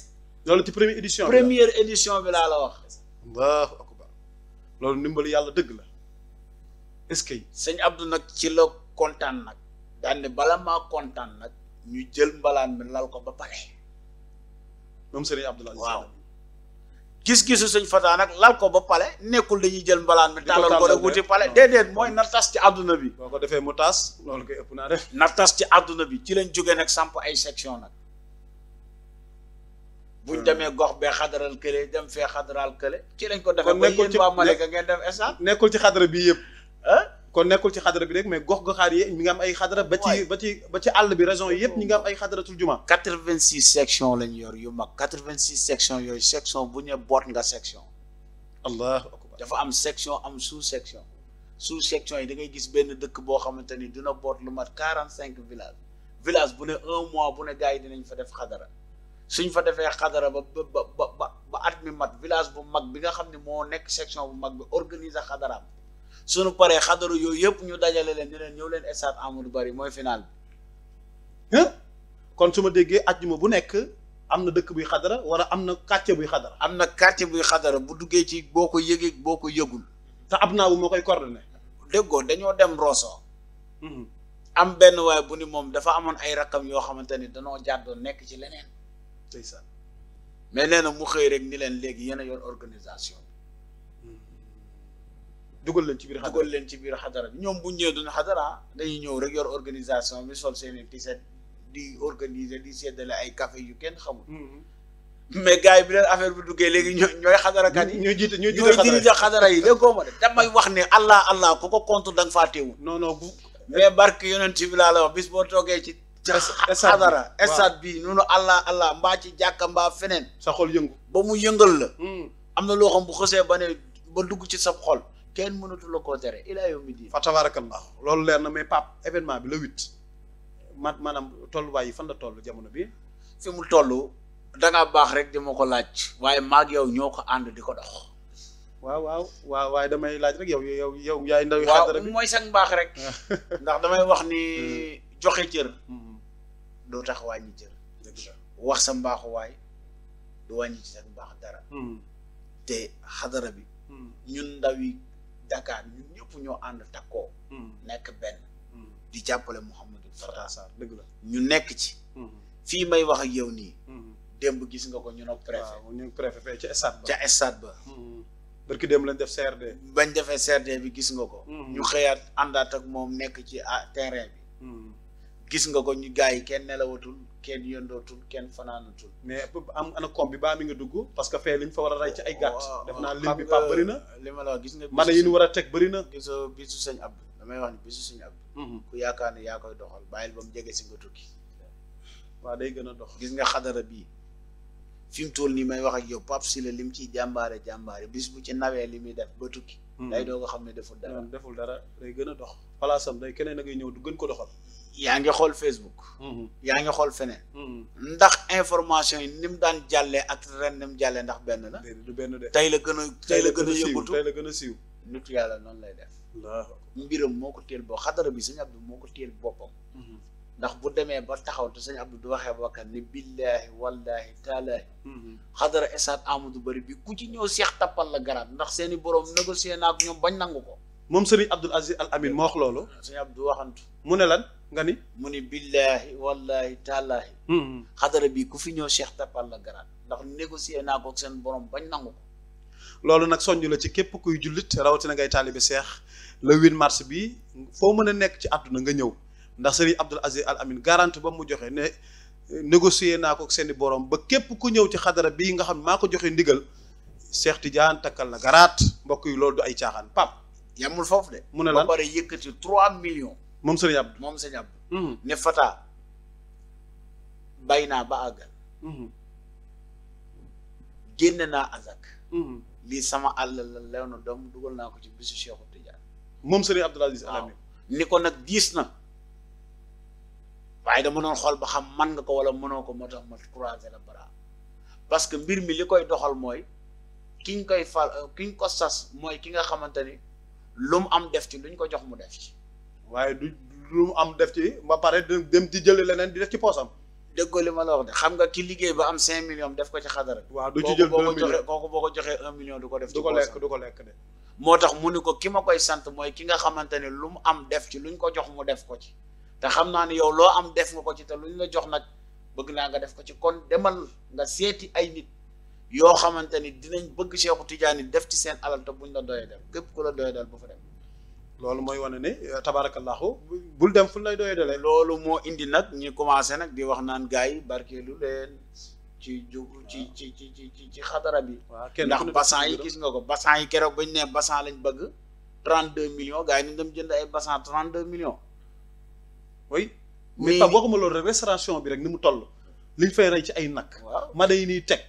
loolu ci première édition première édition bi laa la wax allahu akbar loolu ndimbalu yàlla dëgg la est-ce que sëñ Abdou nag ci la kontaan nag daanne bala maa kontaan nag ñu jël mbalaan mi lal ko ba pare moom sëriñ Abdoulaye waaw gis-gisu sëñ Fata nag lal ko ba pale nekkul dañuy jël mbalaan mi tàllal ko rek wuti pale déedéet mooy na tas ci àdduna bi boo defee mu tas loolu ëpp naa def na ci àdduna bi ci lañ jógee nag samp ay section nag buñ hmm. demee gox bee xadaral kële dem fee xadaral kële ci lañ ko defee ba yéen waa Malika ngeen dem instant nekkul ci xadara bi yëpp ah kon nekkul ci xadara bi rek mais gox goxaar yi mi nga am ay xadara ba ci ba ci ba ci àll bi région yi yëpp ñi nga am ay xadaratul juma quatre-vingt-six section lañ yor yu mag quatre-vingt-six section yooyu section bu ñu boot nga section allahu akbar dafa am section am sous section sous section yi da ngay gis benn dëkk boo xamante ni dina boot lu mat quarante cinq village village bu ne un mois bu ne gars yi dinañ fa def xadara suñ fa defee xadara ba ba ba ba at mi mat village bu mag bi nga xam ne moo nekk section bu mag bi organiser xadaraam suñu paree xadaru yooyu yëpp ñu dajale leen di leen ñëw leen stade Amadou bari mooy final bi kon su ma déggee àjjuma bu nekk am na dëkk buy xadara wala am na quartier buy xadara am na quartier buy xadara bu duggee ci boo ko yëgee boo ko yëgul te ab naawu moo koy coordonné déggoo dañoo dem Rosso am benn waaye bu ni moom dafa amoon ay rakam yoo xamante ni danoo jàddoon nekk ci leneen mais nee na mu xëy rek ni leen léegi yenn a organisation dugal leen ci biir xadara dugal leen ci biir xadara bi ñoom bu ñëwee duñu xadara dañuy ñëw rek yor organisation bi sol seen i tiset di organiser di seddale ay café yu kenn xamul. Mm-hmm. mais gars yi bi leen affaire bi duggee léegi ñooy ñooy xadarakat yi. ñooy jiite ñooy jiite xadara yi léegi ma de damay wax ne allah allah ku ko contre da nga faa teewul. non non mais barke yonent bi laa la wax boo toogee ci. xadara stade bi noonu allah allah mbaa ci jàkka mbaa feneen. sa xol yëngu ba mu yëngal la. Mm. am na loo xam bu xësee ba ne ba dugg ci sa xol. kenn mënatu la koo tere ilaa yow mi di fa tabarakallah loolu leer na mais pap événement bi la huit mat maanaam tolluwaay yi fan la toll jamono bi fi mu toll dangaa baax rek di ma ko laaj waaye maag yow ñoo ko ànd di ko dox waaw waaw waaye damay laaj rek yow yow yow yaay ndaw xadara bi mooy sax baax rek ndax damay wax ni hmm. joxe cër hmm. doo tax wàññi cër wax sa mbaaxu waay du wàññi ci mbaax dara hmm. te xadara bi ñun ndaw yi Dakar ñun ñëpp ñoo ànd takkoo. Hmm. nekk benn. Hmm. di jàppale Mouhamadou Fattah Sarr dëgg la ñu nekk ci. Hmm. fii may wax ak yow nii. démb gis nga ko ñu noo préfet waaw ñu préfet ca stade ba ca stade ba. barki démb lañ def CRD. bañ defee CRD bi gis nga ko. ñu xëyaat àndaat moom nekk ci ah, terrain bi. gis nga ko ñu gars yi kenn nelawatul kenn yëndootul kenn fanaanatul mais am ana koom bi baa mi nga dugg parce que fee liñ fa war a rey ci ay gàtt def naa lim bi pap bëri na li ma la gis nga man yi ñu war a teg bëri na gis nga bisu sëñ Abdou damay wax ni bisu sëñ mhm. ku yaakaar ne yaa koy doxal bàyyil ba jege si nga tukki waaw day gën a dox gis nga xadara bii fi mu toll may wax ak yow pap si la lim ciy jàmbaare jàmbaare bis bu ci nawee li muy def ba tukki mhm. day doo xam ne deful dara deful dara day gën a dox palaasam day keneen a ngay ñëw du gën ko doxal yaa ngi xool Facebook. Mm-hmm. yaa ngi xool feneen. Mm-hmm. ndax information yi ni mu daan jàllee ak ren ni mu ndax benn la. du benn de tey la gën a tey la gën a yëngatu tey la gën a siiw. nitu yàlla noonu lay def. mbiram moo ko téel boo xadara bi sëñ Abdou moo ko téel boppam. Mm-hmm. ndax bu demee ba taxaw te sëñ Abdou du waxee bakkan ni billaahi wallaahi taalaahi. xadara esaat Amadou Bari bi ku ci ñëw seex tappal la garaat ndax seeni i borom négocié na ak ñoom bañ nangu ko. moom sëriñ Abdoul Aziz Al Amin moo wax loolu. sëñ Abdou waxantu mu ne lan. nga ni mu ni billaahi wallaahi taalaahi hmm, hmm. xadara bi ku fi ñëw Cheikh Tappal la garaat ndax négocier naa ko seen borom bañ nangu loolu nag soññ la ci képp kuy jullit rawatina ngay taalibe Cheikh le 8 mars bi foo mën a nekk ci àdduna nga ñëw ndax Serigne Abdoul Aziz Al Amin ba mu joxe ne négocier naa ko seen i borom ba képp ku ñëw ci xadara bii nga xam maa ko joxe ndigal Cheikh Tidiane takkal la garaat mbokk yi loolu du ay caaxaan pap yamul foofu de. mu ne la ba pare yëkkati 3 millions. moom sëriñ Abdou moom sëriñ Abdou. Hmm. ne Fata bay naa ba àggal. Hmm. génne naa azak. Hmm. lii sama àll la lew na doom dugal naa ko ci bisu Cheikhu Tidiane. moom sëriñ Abdoul Aziz Al ni ko nag diis na. waaye dama doon xool ba xam man nga ko wala mënoo ko moo tax ma croiser la bras parce que mbir mi li koy doxal mooy ki kiñ koy fal kiñ ko sas mooy ki nga xamante ni lu mu am def ci luñ ko jox mu def ci. waaye du lu mu am def ci ba pare dem di jël leneen di def ci poosam. déggoo li ma la wax de xam nga ki liggéey ba am cinq millions def ko ci xadara. waaw du ci jël deux millions ko joxee un du ko def. ci poosam du ko lekk du ko lekk de. moo tax mu ni ko ki ma koy sant mooy ki nga xamante ne lu mu am def ci lu ñu ko jox mu def ko ci te xam naa ne yow loo am def nga ko ci te ñu la jox nag bëgg naa nga def ko ci kon demal nga seeti ay nit yoo xamante ni dinañ bëgg Seexu Tijaan def ci seen alal te buñ la doyee dal képp ku la doyee dal bu fa dem. loolu mooy wane ne euh, tabaarakallaahu bul dem fu lay doye dale loolu moo indi nag ñu commencé nag di wax naan gars yi barkeelu leen ci ju ci ci ci ci ci xadara bi ndax bassan yi gis nga ko bassan yi keroog bañ ne bassan lañ bëgg trente deux millions gars yi ñu dem jënd ay bassan trente deux millions oui mais pa waxuma loolu rek restauration bi rek ni mu toll liñ fay rey ci ay nag ma day nii teg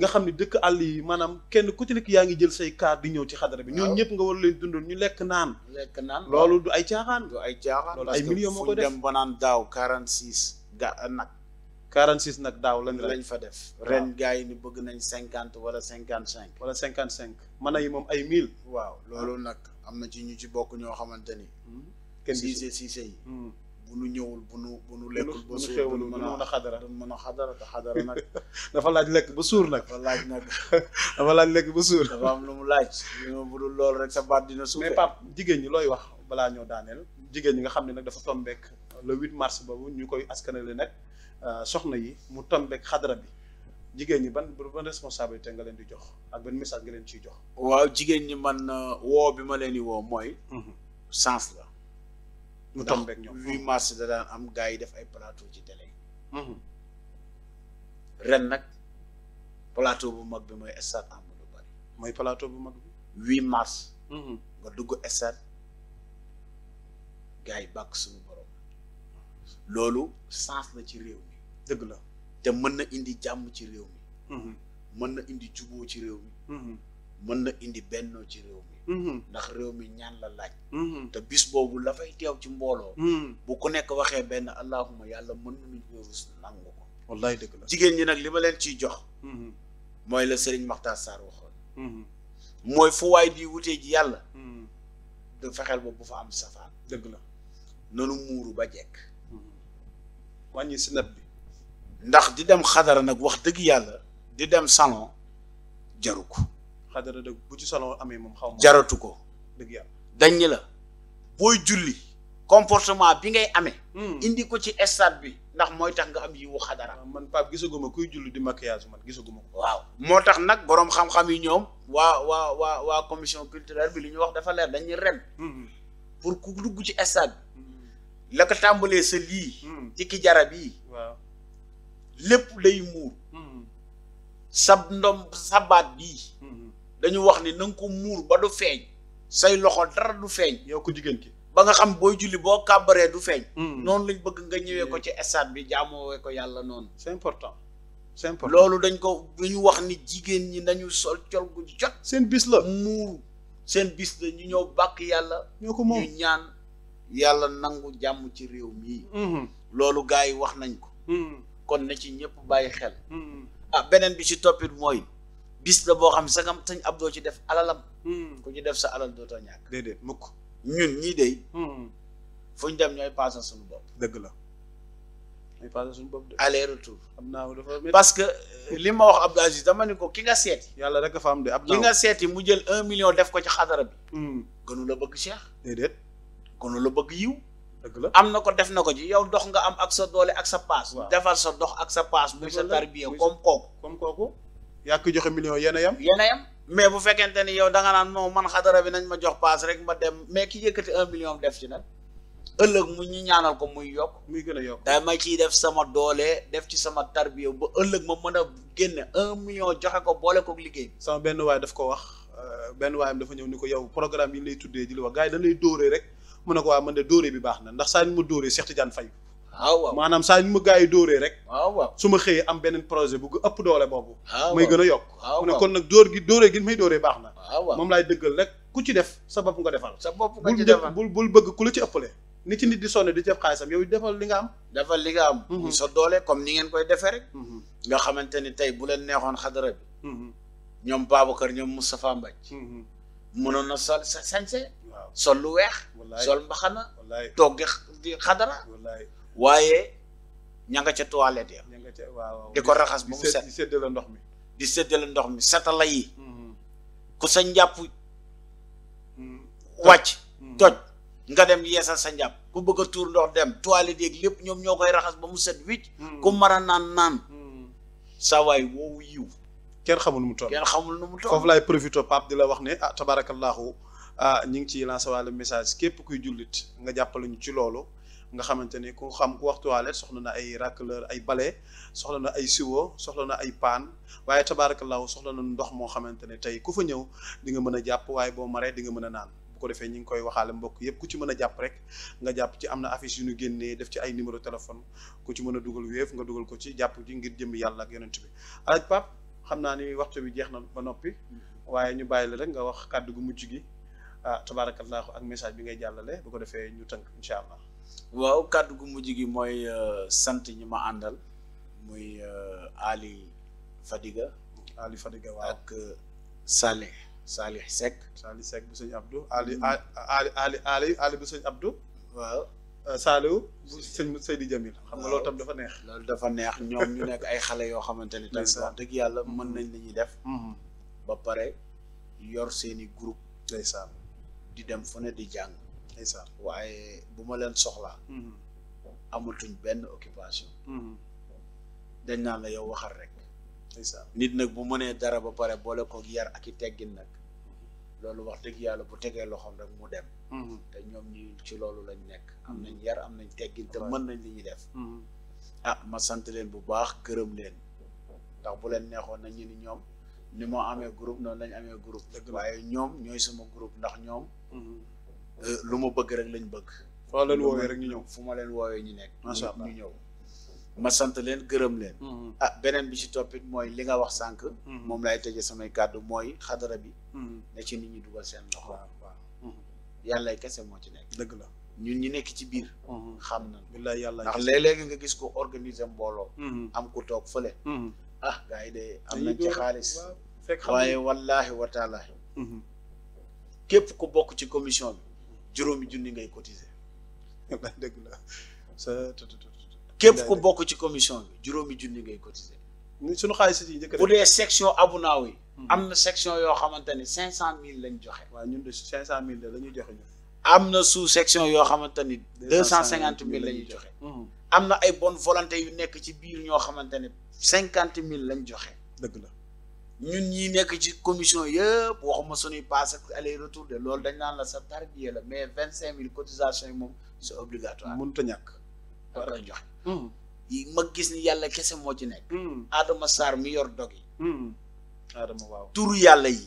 nga xam ne dëkk àll yi maanaam kenn ku ci nekk yaa ngi jël say kaar di ñëw ci xadara bi ñooñu ñëpp nga war leen dundal ñu lekk naan lekk naan loolu du ay caaxaan du ay caaxaan loolu ay millions moo naan daaw quarante six ga euh, nag quarante six nag daaw lañ lañ fa def ren gars yi ni bëgg nañ cinquante wala cinquante cinq wala cinquante cinq mën yi moom ay mille waaw loolu nag am na ci ñu ci bokk ñoo xamante ni hmm. kenn siise siise yi hmm. bu nu ñëwul bu nu bu nu lekkul ba suur bu nu mën a xadara du mën a xadara te xadara nag dafa laaj lekk ba suur nag dafa laaj nag dafa laaj lekk ba suur dafa am lu mu laaj ñoo bu dul loolu rek sa baat dina suufe mais Pape jigéen ñi looy wax balaa ñoo daaneel jigéen ñi nga xam ne nag dafa tombeek le 8 mars boobu ñu koy askanale nag euh, soxna yi mu tombeek xadara bi jigéen ñi ban ban te nga leen di jox ak ban message nga leen ciy jox. waaw jigéen ñi man euh, woo bi ma leen di woo mooy. Mhm. sens la mu tombeeg ñoom huit mars da daan am gars yi def ay palaato ci télé yi mhm. ren nag plateau bu mag bi mooy stade Amadou Barry mooy plateau bu mag bi huit mars mhm. nga dugg stade gars yi bàkk suñu borom loolu sens la ci réew mi dëgg la te mën na indi jàmm ci réew mi mhm. mën na indi juboo ci réew mi mën na indi bennoo ci réew mi mhm. ndax réew mi ñaan la laaj mhm. te bis boobu la fay teew ci mbooloo mhm. bu ku nekk waxee benn allahuma yàlla mën nañu ko rus nangu ko wallaay dëgg la jigéen ñi nag li ma leen ciy jox mooy la Serigne Makhtar Sarr waxoon mooy fu waay di wutee ji yàlla da fexeel boobu bu fa am safaan dëgg la nanu muuru ba jekk wàññi snap bi ndax di dem xadara nag wax dëgg yàlla di dem salon jaru ko xadara dëgg bu ci salon amee moom xaw ma jaratu ko. dëgg yàlla dañ la booy julli comportement bi ngay amee. Hmm. indi ko ci estade bi ndax mooy tax nga am yiwu xadara. Ah, man Pape gisaguma kuy julli di maquillage man gisaguma ko. waaw moo tax nag boroom xam-xam yi ñoom waa waa waa waa commission culturelle bi li ñu wax dafa leer dañuy ren. Hmm. pour ku dugg ci stade bi. Hmm. la ko tàmbalee sa lii. ci ki jarab yi. waaw lépp day muur. sa ndom sabaat bi dañu wax ni na nga ko muur ba du feeñ say loxo dara du feeñ yow ko jigéen ki ba nga xam booy julli boo kàbbaree du feeñ hmm. noonu lañ bëgg nga ñëwee ko hmm. ci stade bi jaamoowee ko yàlla noonu c'est important c'est loolu dañ ko dañu wax ni jigéen ñi nañu sol col gu jot seen bis la muur seen bis la ñu ñëw bàkk yàlla ñoo ko moom ñu ñaan yàlla nangu jàmm ci réew mii hmm. loolu gars yi wax nañ ko kon na ci ñëpp bàyyi xel ah beneen bi ci toppit mooy bis la boo xam sagam sëñ ab doo ci def alalam hmm. ku ñu def sa alal dootoo ñàkk déedéet mukk ñun ñii dey hmm. fu ñu dem ñooy paasal suñu bopp dëgg la ñooy paasal suñu bopp aller retour am naa parce que euh, li ma wax Abdou yi dama ni ko ki nga seeti yàlla rek fa am de ab ki nga seeti mu jël un million def ko ci xadara bi hmm. gënu la bëgg Cheikh déedéet gënu bëgg yiw dëgg la am na ko def na ko ci yow dox nga am ak sa doole ak sa paas defal sa dox ak sa paas muy sa tarbiya comme kooku comme kooku yaa ko joxe million yéen a yem. yéen a yem mais bu fekkente ni yow da naan moom man xadara bi nañ ma jox paas rek ma dem mais ki yëkkati un million def ci nag ëllëg mu ñu ñaanal ko muy yokk. muy gën a yokk da ma ciy def sama doole def ci sama tarbiya ba ëllëg ma mën a génne un million joxe ko boole kook liggéey. sama benn waay daf ko wax euh, benn waayam dafa ñëw ni ko yow programme yi lay tuddee di la wax gars yi dañ lay dóoree rek mu ne ko waa man de dóoree bi baax na ndax saa ni ma dóoree Cheikh Tidiane maanaam saa ñu ma gars yi dóoree rek su ma xëyee am beneen projet bu ëpp doole boobu may gën a yokk mu ne kon nag dóor gi dóoree gi may dóoree baax na moom laay dëggal rek ku ci def sa bopp nga defal sa bopp nga ci defal bul bul bëgg ku la ci ëppale ni ci nit di sonn di ci def xaalisam yow defal li nga am defal li nga am mhm. sa doolee comme ni ngeen koy defee rek mhm. nga xamante ni tey bu leen neexoon xadara bi mhm. ñoom Babacar ñoom Moustapha Mbacke mënoon na sol sa sañse sol lu weex sol mbaxana toog di xadara waaye ña nga ca toilette ya di ko raxas ba mu set di séddale ndox mi di séddale ndox mi setala yi mm-hmm. ku sa njàpp mm-hmm. wàcc mm-hmm. toj nga dem yeesal sa njàpp ku bëgg a tuur ndox dem toilette yeeg lépp ñoom ñoo koy raxas ba mu set wicc ku mara naan naan saa waay woowu yiw kenn xamul nu mu toll kenn xamul nu mu toll foofu laay profité Pape di la wax ne ah tabarakallahu ah ñu ngi ciy lancer wàllu message képp kuy jullit nga jàppale ñu ci loolu nga xamante ni ku xam ku waxtuwaale toilette soxla na ay racleur ay bale soxla na ay siwo soxla na ay paan waaye tabaarakallaahu soxla na ndox moo xamante ne tey ku fa ñëw di nga mën a jàpp waaye boo maree di nga mën a naan bu ko defee ñu ngi koy waxaale mbokk yépp ku ci mën a jàpp rek nga jàpp ci am na affiche yu ñu génnee def ci ay numéro téléphone ku ci mën dugal wéef nga dugal ko ci jàpp ci ngir jëm yàlla ak bi alaaj pap xam naa ni waxtu bi jeex na ba noppi waaye ñu bàyyi la rek nga wax kàddu gu mujj gi ah tabaarakallaahu ak message bi jàllale bu ko defee ñu tënk incha allah waaw kàddu gu mujj gi mooy euh, sant ñi ma àndal muy euh, Ali Fadiga. Ali Fadiga waaw ak Salih euh, Salih Seck. Salih Seck bu sëñ Abdou. Ali Ali Ali Ali Ali bu sëñ Abdou. waaw. Saliou bu sëñ Seydi Jamil xam nga loolu tam dafa neex loolu dafa neex ñoom ñu nekk ay xale yoo xamante ni tamit wax dëgg yàlla mën mm-hmm. nañ li ñuy def mm-hmm. ba pare yor seeni groupe ndeysaan di dem fu ne di jàng ndeysaan waaye bu ma leen soxlaa mhm. amatuñ benn occupation mhm. dañ naan la yow waxal rek ndeysaan nit nag bu mënee dara ba pare boole ko yar ak i teggin nag loolu wax dëgg yàlla bu tegee loxoom rek mu dem mhm. te ñoom ñi ci loolu lañ nekk am nañ yar am nañ teggin te mën nañ li ñuy def ah ma sant leen bu baax këram leen ndax bu leen neexoon nañ ñu ni ñoom ni moo amee group noonu lañ amee group waaye ñoom ñooy suma groupe ndax ñoom Euh, lu ma bëgg rek lañ bëgg. foo leen woowee rek ñu ñëw fu ma leen woowee ñu nekk. macha allah ñu ñëw. ma sant leen gërëm leen. Mm-hmm. ah beneen bi ci toppit mooy li nga wax sànq. Mm-hmm. moom laay tëjee samay kàddu mooy xadara bi. Mm-hmm. na ci nit ñi dugal seen loxo. waaw yàlla kese moo ci nekk. dëgg la ñu ñi nekk ci biir. xam nañ la yàlla ndax léeg-léeg nga gis ko organiser mbooloo. am ku toog fële. ah gars yi de am nañ ci xaalis. waaye wallaahi wa taala képp ku bokk ci commission bi. juróomi junni ngay cotiser dëgg la sa képp ku bokk ci commission bi juróomi junni ngay cotiser suñu xaalis yi njëkk bu dee section abunaaw yi hmm. am na section yoo xamante ni cinq cent mille lañ joxe waaw ñun cinq cent mille la ñuy joxe am na sous section yoo xamante ni deux cent cinquante mille la ñuy joxe hmm. am na ay bonne volonté yu nekk ci biir ñoo xamante ne cinquante mille lañ joxe dëgg la ñun ñi nekk ci commission yëpp waxuma suñuy passe ak aller retour de loolu dañ naan la sa tarbiya la mais vingt cinq mille cotisation yi moom c'est obligatoire mënut a ñàkk war a joxe hmm. ma gis ni yàlla kese moo ci nekk hmm. Adama Sarr mi yor dog yi hmm. Adama waaw yàlla yi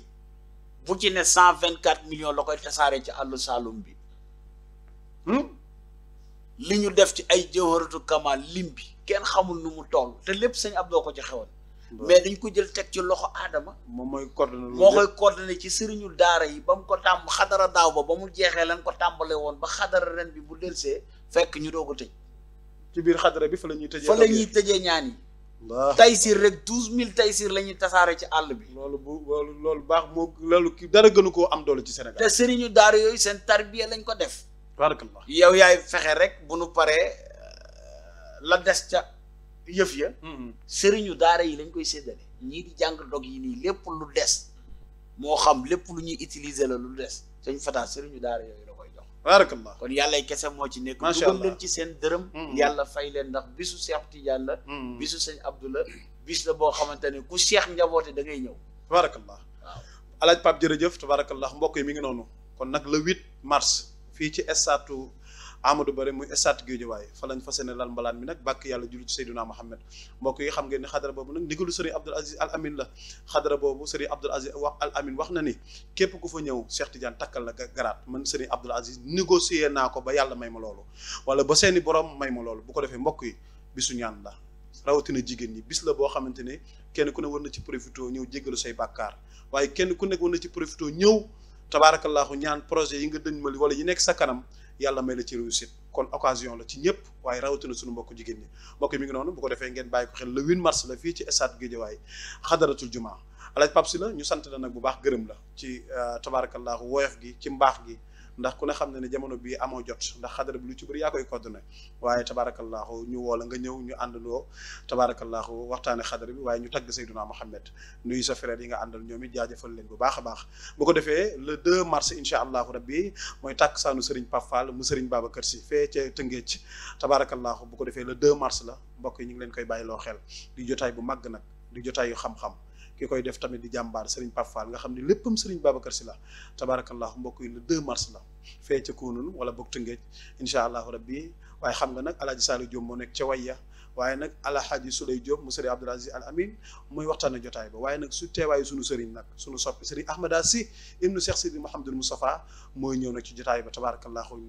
bu ci cent vingt quatre millions la koy tasaare ci àllu Saalum bi li ñu def ci ay jawharatu kamal lim bi kenn xamul nu mu toll te lépp sëñ Abdou ko ci xewoon mais dañ ko jël teg ci loxo aadama moom mooy coordonné moo koy coordonné ci sëriñu daara yi ba mu ko tàmb xadara daaw ba ba mu jeexee lan ko tàmbalee woon ba xadara ren bi bu delsee fekk ñu doo ko tëj ci biir xadara bi fa la ñuy tëjee fa la ñuy tëjee ñaan yi taysir rek douze mille taysir la ñuy tasaare ci àll bi loolu bu loolu baax moo loolu kii dara gënu ko am doole ci Sénégal te sëriñu daara yooyu seen tarbiya lañ ko def barakallah yow yaay fexe rek bu nu paree euh, la des ca yëf ya mm-hmm. sëriñu daara yi lañ koy séddale ñii di jàng dog yi nii lépp lu des moo xam lépp lu ñuy utiliser la lu des sëñ Fata sëriñu daara yooyu la koy jox baarakallah kon yàlla kese moo ci nekk dugal leen ci seen dërëm mm-hmm. yàlla fay leen ndax bisu Cheikh Tidiane la mm-hmm. bisu sëñ Abdou la bis la boo xamante ne ku Cheikh njaboote dangay ngay ñëw baarakallah waaw alaaj Pape jërëjëf tabarakallah mbokk yi mi ngi noonu kon nag le 8 mars fii ci estatu Amadou Bare muy stade Guédiawaye fa lañ fas yéene lal mbalaan bi nag bàkk yàlla julli ci Seydina Mohamed mbokk yi xam ngeen ni xadara boobu nag ndigalu Serigne Abdoul Aziz Al Amin la xadara boobu Serigne Abdoul Aziz wax Al Amin wax na ni képp ku fa ñëw Cheikh Tidiane takkal la garaat man Serigne Abdoul Aziz négocier naa ko ba yàlla may ma loolu wala ba seeni borom may ma loolu bu ko defee mbokk yi bisu ñaan la rawatina jigéen ñi bis la boo xamante ne kenn ku ne war na ci profité ñëw jéggalu say bàkkaar waaye kenn ku nekk war na ci profité ñëw tabaarakallaahu ñaan projet yi nga dëñ wala yi nekk sa kanam yàlla may la ci réussite kon occasion la ci ñëpp waaye rawatina suñu mbokk jigéen ñi mbokk mi ngi noonu bu ko defee ngeen bàyyi ko xel le 8 mars la fii ci stade Guédiawaye xadaratul jumaa alaaj Pape Sylla la ñu sant la nag bu baax gërëm la ci euh, tabaarakallaahu woyof gi ci mbaax gi ndax ku ne xam ne ne jamono bii amoo jot ndax xadara bi lu ci bëri yaa koy na waaye tabaarakallaahu ñu woo la nga ñëw ñu àndandoo tabaarakallaahu waxtaane xadara bi waaye ñu tagg Seydunaa Muhammad nuyu sa frère yi nga àndal ñoom it jaajëfal leen bu baax a baax bu ko defee le 2 mars incha allahu bi mooy tàkk saanu Serigne Pape Fall mu Serigne Babacar Sy fee ca Tëngéej tabaarakallaahu bu ko defee le 2 mars la mbokk yi ñu ngi leen koy bàyyi loo xel di jotaay bu màgg nag di jotaay yu xam ki koy def tamit di jàmbaar Serigne Pape Fall nga xam ne léppam Serigne Babacar Sy la tabarakallahu mbokk yi le 2 mars la fee ca Kounoune wala boog Tëngéej incha allahu rabbi waaye xam nga nag El Hadj Saliou moo nekk ca wayya waaye nag alhaji Souley Diop mu sëriñ Abdoul Aziz Al Amin mooy waxtaana jotaay ba waaye nag su teewaayu sunu sëriñ nag sunu soppi sëriñ Ahmada Sy ibnu Cheikh Sidi Mouhamadul Moustapha mooy ñëw nag ci jotaay ba tabarakallahu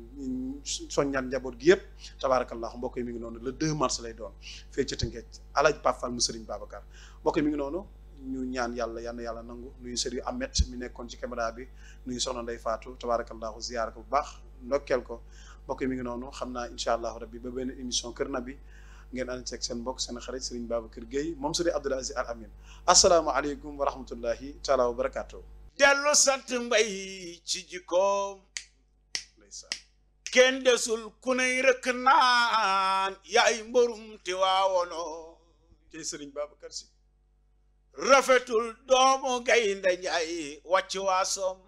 soññaan njaboot gi yëpp tabarakallahu mbokk yi mi ngi noonu le 2 mars lay doon fee ca Tëngéej alhaji Pape mu sëriñ Babacar mbokk yi mi ngi noonu ñu ñaan yàlla yal na yàlla nangu nuyu sëriñ Ahmed mi nekkoon ci caméra bi nuyu soxna Ndeye Fatou tabaarakallaahu ziyaar ko bu baax ndokkeel ko mbokk mi ngi noonu xam naa incha allahu rabbi ba benn émission Kër Nabi ngeen ànd ceeg seen bokk seen xarit sëriñ Babacar Gueye moom sëriñ Abdoul Aziz Al Amin asalaamaaleykum wa rahmatullahi taala wa barakaatu dellu sant mbay ci jikkoom ndeysaan kenn desul ku ney rëkk naan yaay mbërum te rafetul doomu gaynde njaay wàcc waasoom